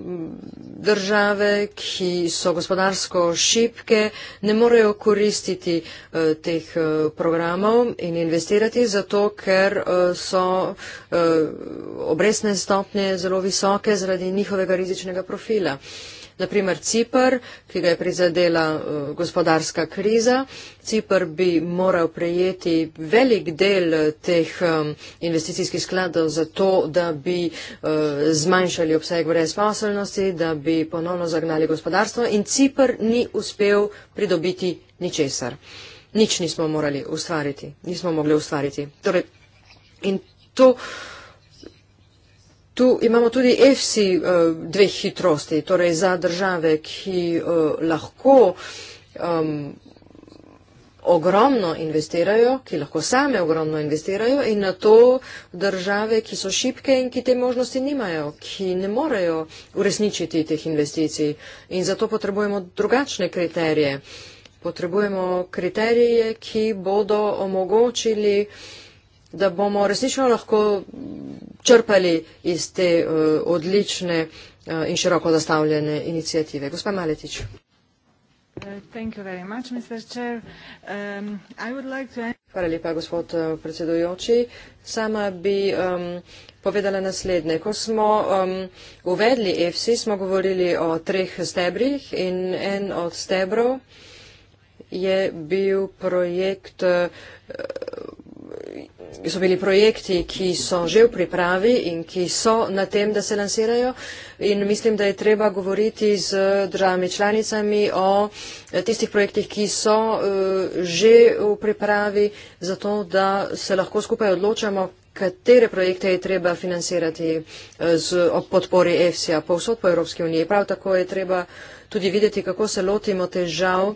države, ki so gospodarsko šipke, ne morejo koristiti eh, teh eh, programov in investirati, zato ker eh, so eh, obresne stopnje zelo visoke zaradi njihovega rizičnega profila. Eh, naprimer Cipr, ki ga je prizadela eh, gospodarska kriza. Cipr bi moral prejeti velik del eh, teh eh, investicijskih skladov za to, da bi zmanjšali obseg brezposelnosti, da bi ponovno zagnali gospodarstvo in Cipr ni uspel pridobiti ničesar. Nič nismo morali ustvariti, nismo mogli ustvariti. Torej, in to. Tu imamo tudi EFSI uh, dve hitrosti, torej za države, ki uh, lahko um, ogromno investirajo, ki lahko same ogromno investirajo in na to države, ki so šipke in ki te možnosti nimajo, ki ne morejo uresničiti teh investicij. In zato potrebujemo drugačne kriterije. Potrebujemo kriterije, ki bodo omogočili uh, da bomo resnično lahko črpali iz te uh, odlične uh, in široko zastavljene inicijative. Gospa Maletič. Uh, um, Hvala lepa, gospod eh, predsedujoči. Sama bi um, povedala naslednje. Ko smo um, uvedli EFSI, smo govorili o treh stebrih in en od stebrov je bil projekt uh, ki so bili projekti, ki so že v pripravi in ki so na tem, da se lansirajo. In mislim, da je treba govoriti z državami članicami o eh, tistih projektih, ki so eh, že v pripravi, zato da se lahko skupaj odločamo, katere projekte je treba financirati eh, z podpori EFSA povsod po Evropski uniji. Prav tako je treba tudi videti, kako se lotimo težav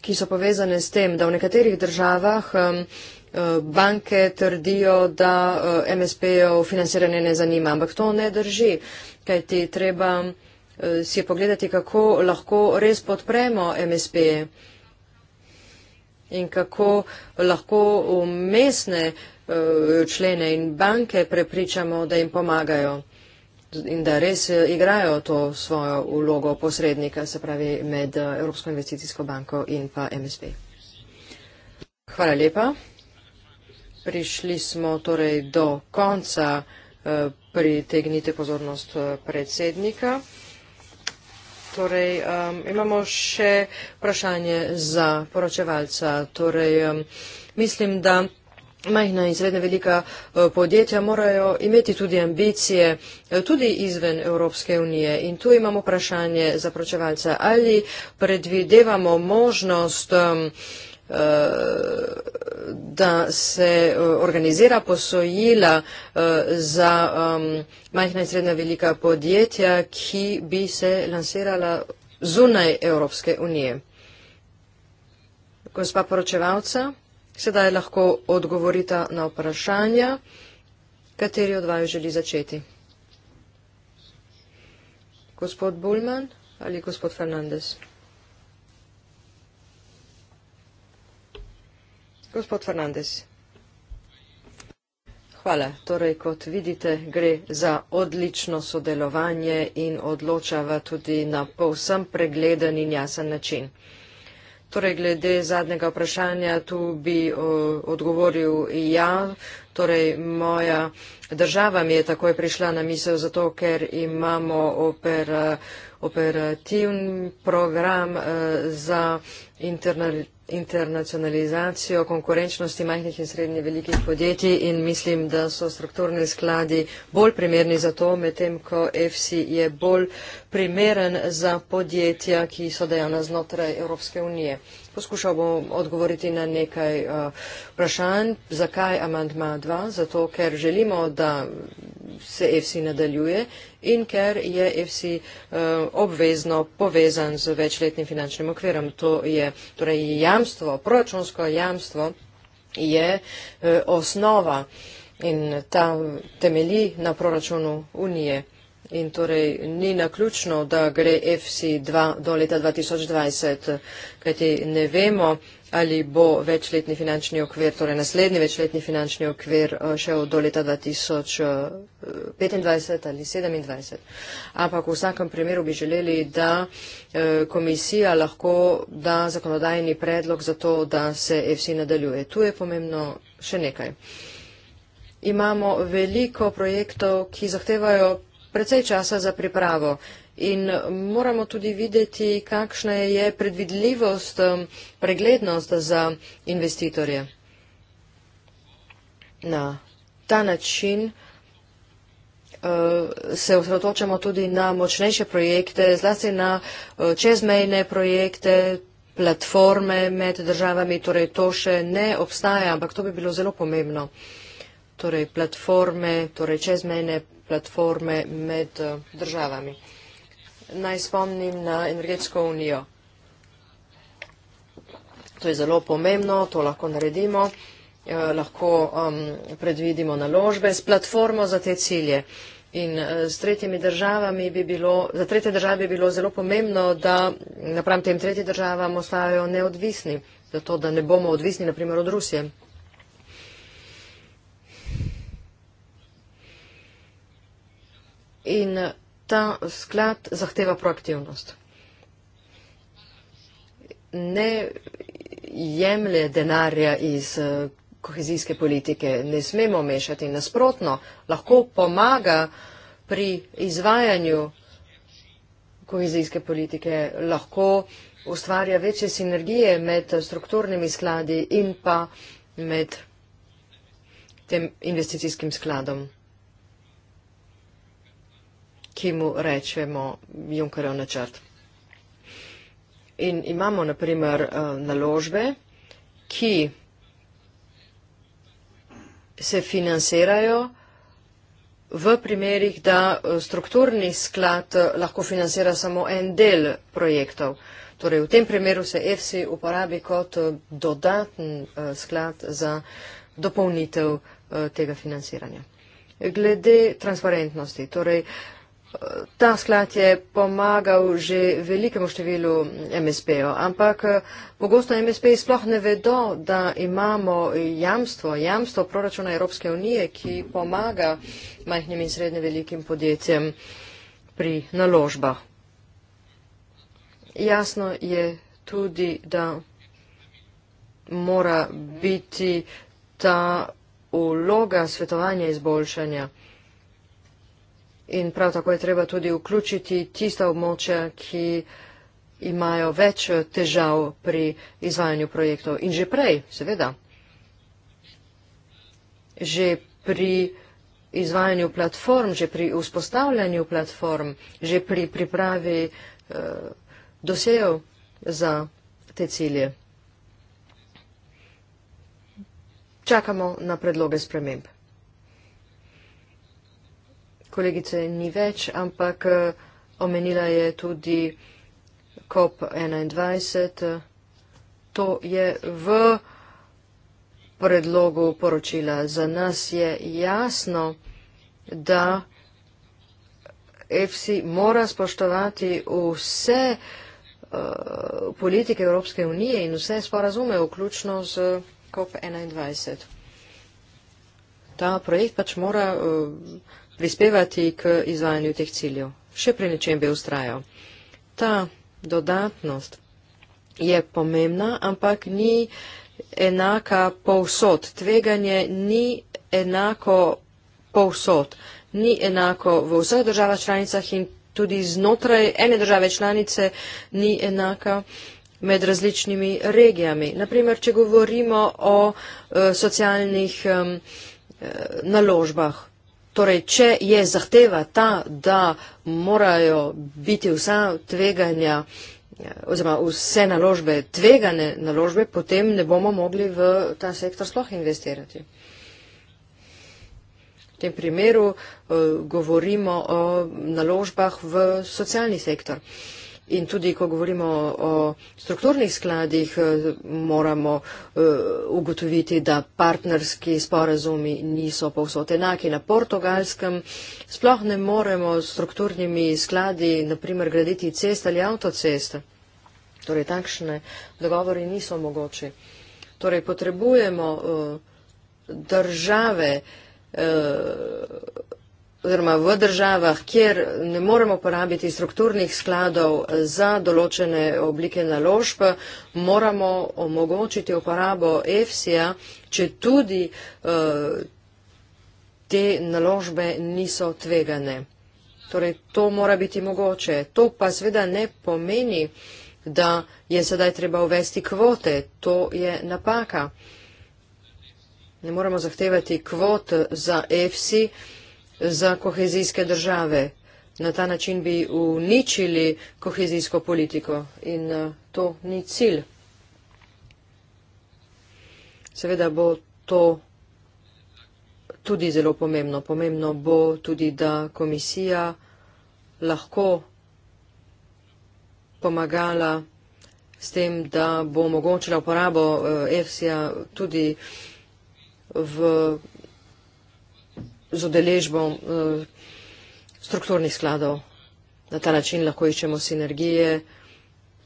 ki so povezane s tem, da v nekaterih državah um, uh, banke trdijo, da uh, MSP-jev financiranje ne zanima. Ampak to ne drži, kajti treba uh, si pogledati, kako lahko res podpremo MSP-je in kako lahko umestne člene in banke prepričamo, da jim pomagajo in da res eh, igrajo to svojo vlogo posrednika, se pravi med eh, Evropsko investicijsko banko in pa MSB. Hvala lepa. Prišli smo torej do konca. Eh, pritegnite pozornost predsednika. Torej, um, imamo še vprašanje za poročevalca. Torej, um, mislim, da Majhna in srednja velika eh, podjetja morajo imeti tudi ambicije, eh, tudi izven Evropske unije. In tu imamo vprašanje za pročevalce, ali predvidevamo možnost, eh, da se organizira posojila za majhna in srednja velika podjetja, ki bi se lansirala zunaj Evropske unije. Gospa poročevalca. Sedaj lahko odgovorite na vprašanja, kateri od vaju želi začeti. Gospod Bulman ali gospod Fernandez? Gospod Fernandez. Hvala. Torej, kot vidite, gre za odlično sodelovanje in odločava tudi na povsem pregleden in jasen način. Torej, glede zadnjega vprašanja, tu bi o, odgovoril ja. Torej, moja Država mi je takoj prišla na misel zato, ker imamo oper, operativni program eh, za internacionalizacijo konkurenčnosti majhnih in srednje velikih podjetij in mislim, da so strukturni skladi bolj primerni za to, medtem ko EFSI je bolj primeren za podjetja, ki so dejana znotraj Evropske unije. Poskušal bom odgovoriti na nekaj uh, vprašanj. Zakaj amandma 2? Zato, ker želimo, da se EFSI nadaljuje in ker je EFSI eh, obvezno povezan z večletnim finančnim okvirom. To je torej jamstvo, proračunsko jamstvo je eh, osnova in ta temelji na proračunu Unije. In torej ni naključno, da gre FC2 do leta 2020, kajti ne vemo, ali bo večletni finančni okvir, torej naslednji večletni finančni okvir eh, še do leta 2025 ali 2027. Ampak v vsakem primeru bi želeli, da eh, komisija lahko da zakonodajni predlog za to, da se EFSI nadaljuje. Tu je pomembno še nekaj. Imamo veliko projektov, ki zahtevajo precej časa za pripravo in moramo tudi videti, kakšna je predvidljivost, um, preglednost za investitorje. Na ta način uh, se osredotočamo tudi na močnejše projekte, zlasti na uh, čezmejne projekte, platforme med državami, torej to še ne obstaja, ampak to bi bilo zelo pomembno. Torej platforme, torej čezmejne platforme med uh, državami naj spomnim na energetsko unijo. To je zelo pomembno, to lahko naredimo, eh, lahko um, predvidimo naložbe s platformo za te cilje. In eh, s tretjimi državami bi bilo, za tretje države bi bilo zelo pomembno, da napram tem tretjim državam ostajajo neodvisni, zato da ne bomo odvisni naprimer od Rusije. In ta sklad zahteva proaktivnost. Ne jemlje denarja iz eh, kohezijske politike, ne smemo mešati nasprotno, lahko pomaga pri izvajanju kohezijske politike, lahko ustvarja večje sinergije med strukturnimi skladi in pa med tem investicijskim skladom ki mu rečemo Junkerjev načrt. In imamo naprimer eh, naložbe, ki se financirajo v primerih, da eh, strukturni sklad eh, lahko financira samo en del projektov. Torej v tem primeru se EFSI uporabi kot dodatni sklad za dopolnitev tega financiranja. Glede transparentnosti, torej Ta sklad je pomagal že velikemu številu MSP-jev, ampak eh, pogosto MSP-ji sploh ne vedo, da imamo jamstvo, jamstvo proračuna Evropske unije, ki pomaga majhnim in srednje velikim podjetjem pri naložbah. Jasno je tudi, da mora biti ta vloga svetovanja izboljšanja in prav tako je treba tudi vključiti tista območja, ki imajo več težav pri izvajanju projektov. In že prej, seveda, že pri izvajanju platform, že pri vzpostavljanju platform, že pri pripravi eh, dosejev za te cilje. Čakamo na predloge sprememb kolegice ni več, ampak eh, omenila je tudi COP21. To je v predlogu poročila. Za nas je jasno, da EFSI mora spoštovati vse eh, politike Evropske unije in vse sporazume, vključno z COP21. Ta projekt pač mora uh, prispevati k izvajanju teh ciljev. Še pri nečem bi ustrajal. Ta dodatnost je pomembna, ampak ni enaka povsod. Tveganje ni enako povsod. Ni enako v vseh državah članicah in tudi znotraj ene države članice ni enaka med različnimi regijami. Naprimer, če govorimo o uh, socialnih um, uh, naložbah, Torej, če je zahteva ta, da morajo biti vsa tveganja eh, oziroma vse naložbe tvegane naložbe, potem ne bomo mogli v ta sektor sploh investirati. V tem primeru uh, govorimo o naložbah v socialni sektor. Uh, In tudi, ko govorimo o strukturnih skladih, eh, moramo eh, ugotoviti, da partnerski sporazumi niso povsod enaki. Na portugalskem sploh ne moremo strukturnimi skladi, naprimer, graditi cest ali avtoceste. Torej, takšne dogovori niso mogoče. Torej, potrebujemo eh, države oziroma v državah, kjer ne moremo porabiti strukturnih skladov za določene oblike naložb, moramo omogočiti uporabo EFSI-ja, če tudi uh, te naložbe niso tvegane. Torej, to mora biti mogoče. To pa seveda ne pomeni, da je sedaj treba uvesti kvote. To je napaka. Ne moremo zahtevati kvot za EFSI za kohezijske države. Na ta način bi uničili kohezijsko politiko in eh, to ni cilj. Seveda bo to tudi zelo pomembno. Pomembno bo tudi, da komisija lahko pomagala s tem, da bo omogočila uporabo EFSI-a eh, tudi v z udeležbo eh, strukturnih skladov. Na ta način lahko iščemo sinergije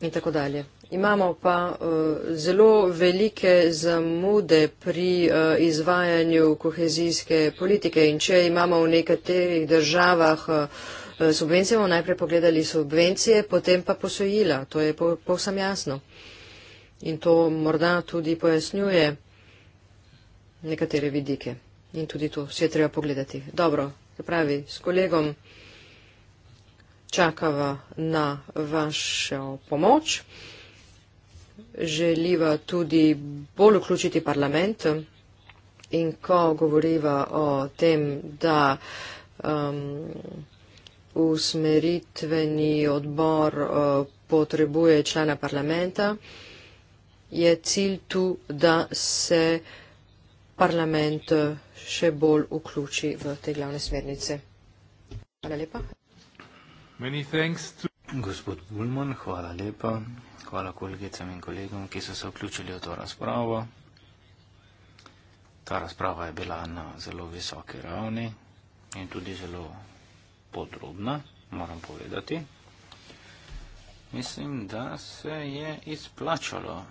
in tako dalje. Imamo pa uh, zelo velike zamude pri uh, izvajanju kohezijske politike in če imamo v nekaterih državah uh, subvencije, bomo najprej pogledali subvencije, potem pa posojila. To je po, povsem jasno. In to morda tudi pojasnjuje nekatere vidike. In tudi to vse treba pogledati. Dobro, se pravi, s kolegom čakava na vašo pomoč. Želiva tudi bolj vključiti parlament in ko govoriva o tem, da um, usmeritveni odbor uh, potrebuje člana parlamenta, je cilj tu, da se parlament uh, še bolj vključi v te glavne smernice. Hvala lepa. Many thanks to... Gospod Bulman, hvala lepa. Hvala kolegicam in kolegom, ki so se vključili v to razpravo. Ta razprava je bila na zelo visoki ravni in tudi zelo podrobna, moram povedati. Mislim, da se je izplačalo,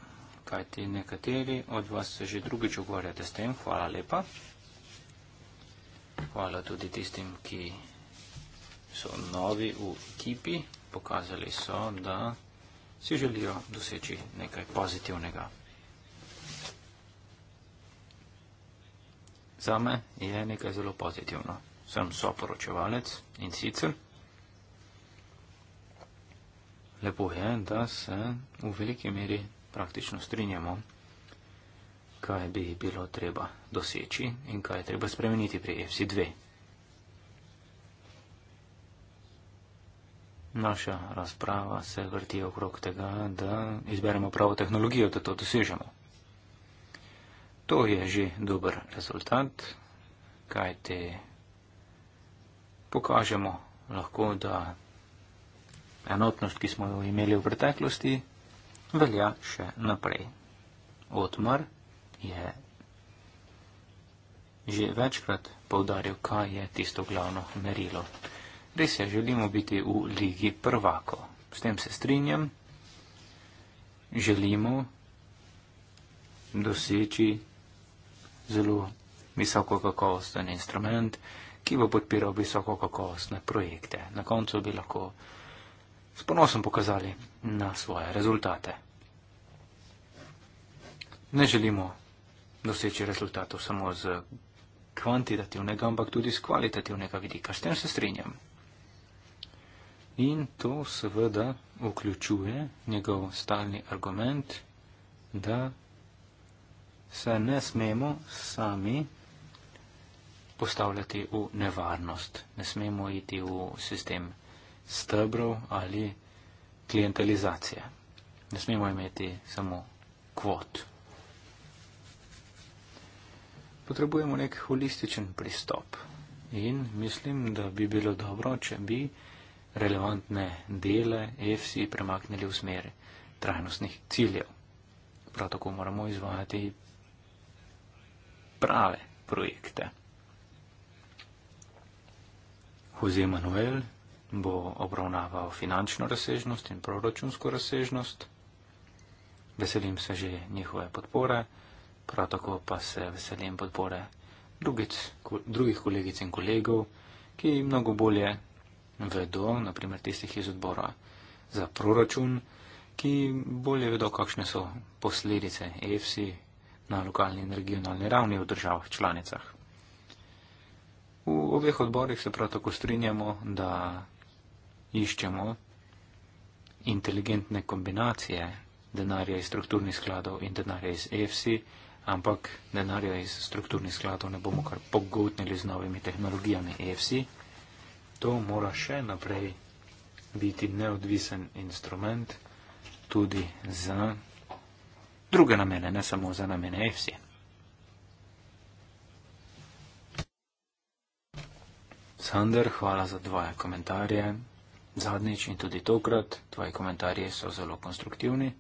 kajti nekateri od vas se že drugič ogovarjate s tem. Hvala lepa. Hvala tudi tistim, ki so novi v ekipi. Pokazali so, da si želijo doseči nekaj pozitivnega. Zame je nekaj zelo pozitivno. Sem soporočevalec in sicer lepo je, da se v veliki meri praktično strinjamo kaj bi bilo treba doseči in kaj je treba spremeniti pri FC2. Naša razprava se vrti okrog tega, da izberemo pravo tehnologijo, da to dosežemo. To je že dober rezultat, kaj te pokažemo lahko, da enotnost, ki smo jo imeli v preteklosti, velja še naprej. Otmar je. Že večkrat povdarjal, kaj je tisto glavno merilo. Res je, želimo biti v ligi prvako. S tem se strinjam. Želimo doseči zelo visoko kakovosten instrument, ki bo podpiral visoko kakovostne projekte. Na koncu bi lahko s ponosom pokazali na svoje rezultate. Ne želimo doseči rezultatov samo z kvantitativnega, ampak tudi z kvalitativnega vidika. S tem se strinjam. In to seveda vključuje njegov stalni argument, da se ne smemo sami postavljati v nevarnost. Ne smemo iti v sistem stebrov ali klientelizacije. Ne smemo imeti samo kvot potrebujemo nek holističen pristop. In mislim, da bi bilo dobro, če bi relevantne dele EFSI premaknili v smeri trajnostnih ciljev. Prav tako moramo izvajati prave projekte. Jose Manuel bo obravnaval finančno razsežnost in proračunsko razsežnost. Veselim se že njihove podpore. Prav tako pa se veselim podpore drugič, ko, drugih kolegic in kolegov, ki mnogo bolje vedo, naprimer tistih iz odbora za proračun, ki bolje vedo, kakšne so posledice EFSI na lokalni in regionalni ravni v državah članicah. V obeh odborih se prav tako strinjamo, da iščemo inteligentne kombinacije denarja iz strukturnih skladov in denarja iz EFSI, ampak denarja iz strukturnih skladov ne bomo kar pogotnili z novimi tehnologijami EFC. To mora še naprej biti neodvisen instrument tudi za druge namene, ne samo za namene EFC. Sander, hvala za dvoje komentarje. Zadnjič in tudi tokrat, tvoji komentarje so zelo konstruktivni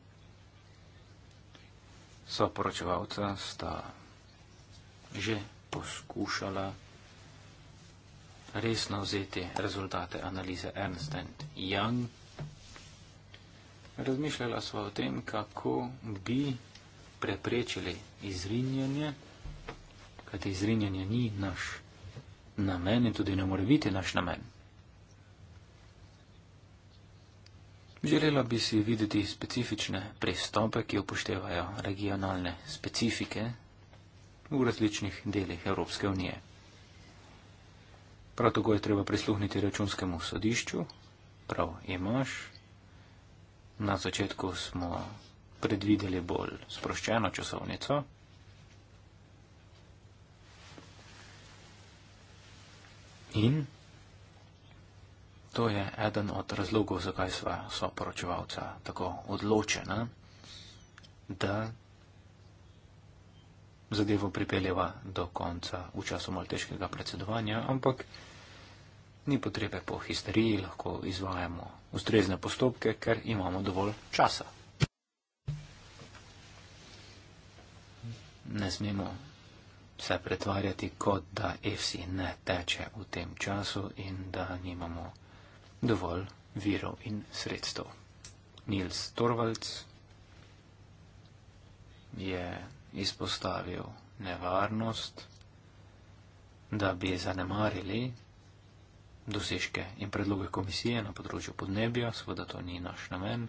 soporočevalca sta že poskušala resno vzeti rezultate analize Ernst Young. Razmišljala sva o tem, kako bi preprečili izrinjanje, kajti izrinjanje ni naš namen in tudi ne more biti naš namen. Želela bi si videti specifične pristope, ki upoštevajo regionalne specifike v različnih delih Evropske unije. Prav tako je treba prisluhniti računskemu sodišču, prav imaš. Na začetku smo predvideli bolj sproščeno časovnico. In To je eden od razlogov, zakaj sva soporočevalca tako odločena, da zadevo pripeljeva do konca v času malteškega predsedovanja, ampak ni potrebe po histeriji, lahko izvajamo ustrezne postopke, ker imamo dovolj časa. Ne smemo se pretvarjati, kot da EFSI ne teče v tem času in da nimamo dovolj virov in sredstev. Nils Torvalds je izpostavil nevarnost, da bi zanemarili dosežke in predloge komisije na področju podnebja, seveda to ni naš namen,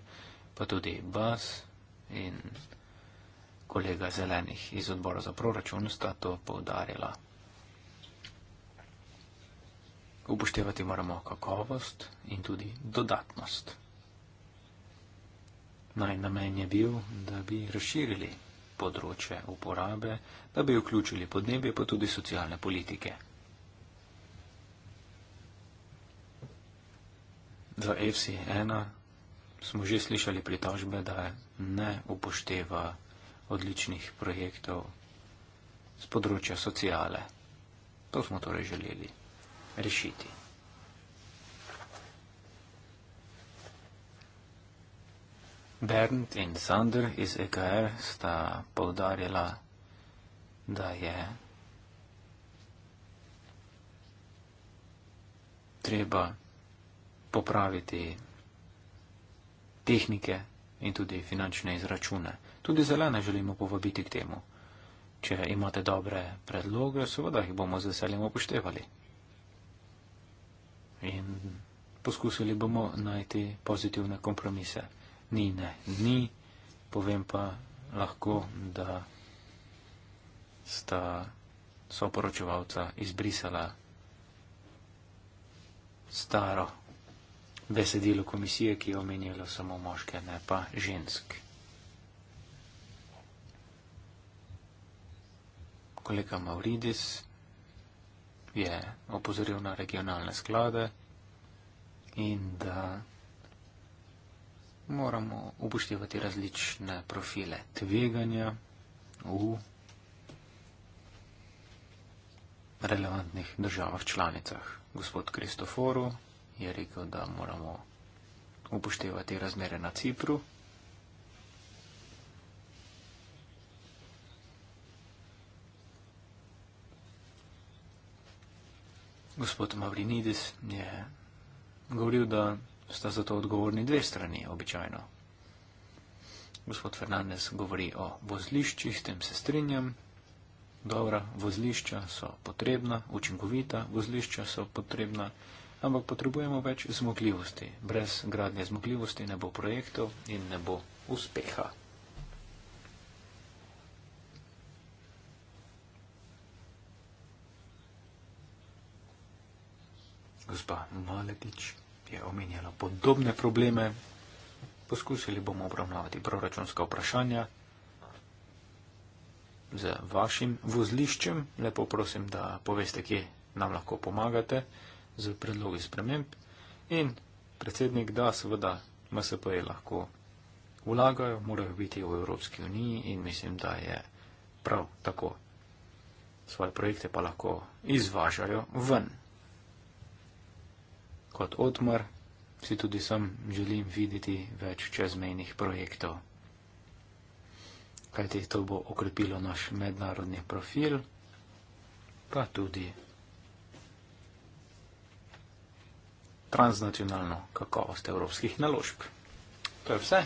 pa tudi BAS in kolega zelenih iz odbora za proračun sta to poudarila upoštevati moramo kakovost in tudi dodatnost. Naj namen je bil, da bi razširili področje uporabe, da bi vključili podnebje, pa tudi socialne politike. Za FC1 smo že slišali pritožbe, da ne upošteva odličnih projektov z področja sociale. To smo torej želeli rešiti. Bernd in Sander iz EKR sta povdarjala, da je treba popraviti tehnike in tudi finančne izračune. Tudi zelene želimo povabiti k temu. Če imate dobre predloge, seveda jih bomo z veseljem upoštevali in poskusili bomo najti pozitivne kompromise. Ni, ne, ni, povem pa lahko, da sta soporočevalca izbrisala staro besedilo komisije, ki je omenjalo samo moške, ne pa žensk. Kolega Mauridis, je opozoril na regionalne sklade in da moramo upoštevati različne profile tveganja v relevantnih državah članicah. Gospod Kristoforu je rekel, da moramo upoštevati razmere na Cipru, Gospod Mavrinidis je govoril, da sta za to odgovorni dve strani običajno. Gospod Fernandez govori o vozliščih, s tem se strinjam. Dobra, vozlišča so potrebna, učinkovita vozlišča so potrebna, ampak potrebujemo več zmogljivosti. Brez gradnje zmogljivosti ne bo projektov in ne bo uspeha. gospa Maletič je omenjala podobne probleme. Poskusili bomo obravnavati proračunska vprašanja z vašim vozliščem. Lepo prosim, da poveste, kje nam lahko pomagate z predlogi sprememb. In predsednik, da seveda MSP-je lahko vlagajo, morajo biti v Evropski uniji in mislim, da je prav tako. Svoje projekte pa lahko izvažajo ven kot Otmar, si tudi sam želim videti več čezmejnih projektov. Kajti to bo okrepilo naš mednarodni profil, pa tudi transnacionalno kakovost evropskih naložb. To je vse.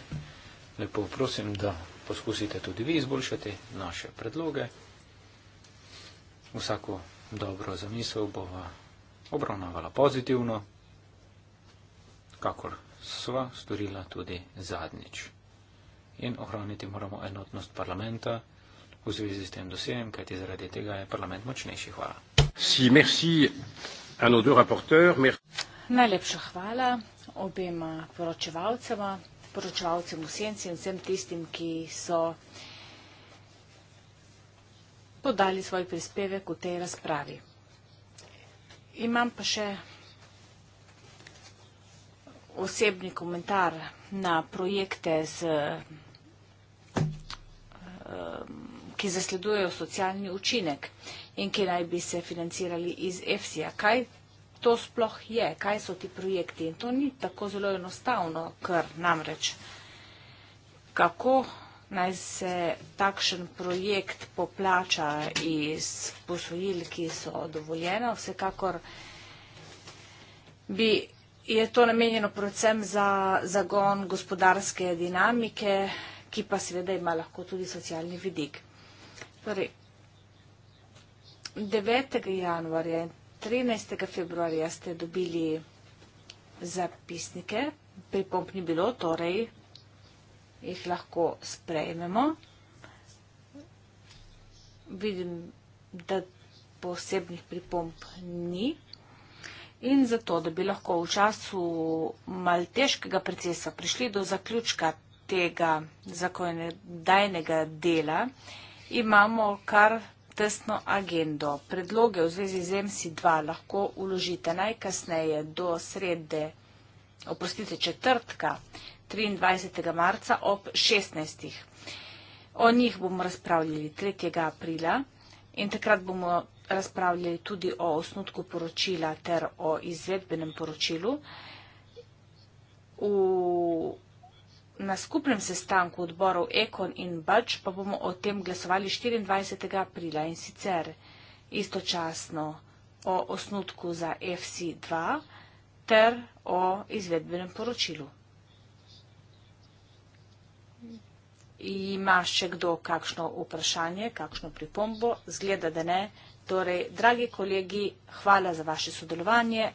Lepo prosim, da poskusite tudi vi izboljšati naše predloge. Vsako dobro zamisel bova obravnavala pozitivno kakor sva storila tudi zadnjič. In ohraniti moramo enotnost parlamenta v zvezi s tem dosjem, kajti zaradi tega je parlament močnejši. Hvala. Si, merci, merci. Najlepša hvala obema poročevalcema, poročevalcem v senci in vsem tistim, ki so podali svoj prispevek v tej razpravi. Imam pa še osebni komentar na projekte, z, ki zasledujejo socialni učinek in ki naj bi se financirali iz EFSI-ja. Kaj to sploh je? Kaj so ti projekti? In to ni tako zelo enostavno, ker namreč kako naj se takšen projekt poplača iz posojil, ki so dovoljena. Vsekakor bi je to namenjeno predvsem za zagon gospodarske dinamike, ki pa seveda ima lahko tudi socialni vidik. Torej, 9. januarja in 13. februarja ste dobili zapisnike, pripomp ni bilo, torej jih lahko sprejmemo. Vidim, da posebnih pripomp ni. In zato, da bi lahko v času mal težkega procesa prišli do zaključka tega zakonodajnega dela, imamo kar tesno agendo. Predloge v zvezi z MSI 2 lahko uložite najkasneje do srede, oprostite, četrtka 23. marca ob 16. O njih bomo razpravljali 3. aprila in takrat bomo razpravljali tudi o osnutku poročila ter o izvedbenem poročilu. V Na skupnem sestanku odborov Ekon in Bač pa bomo o tem glasovali 24. aprila in sicer istočasno o osnutku za FC2 ter o izvedbenem poročilu. Ima še kdo kakšno vprašanje, kakšno pripombo? Zgleda, da ne. Torej, dragi kolegi, hvala za vaše sodelovanje.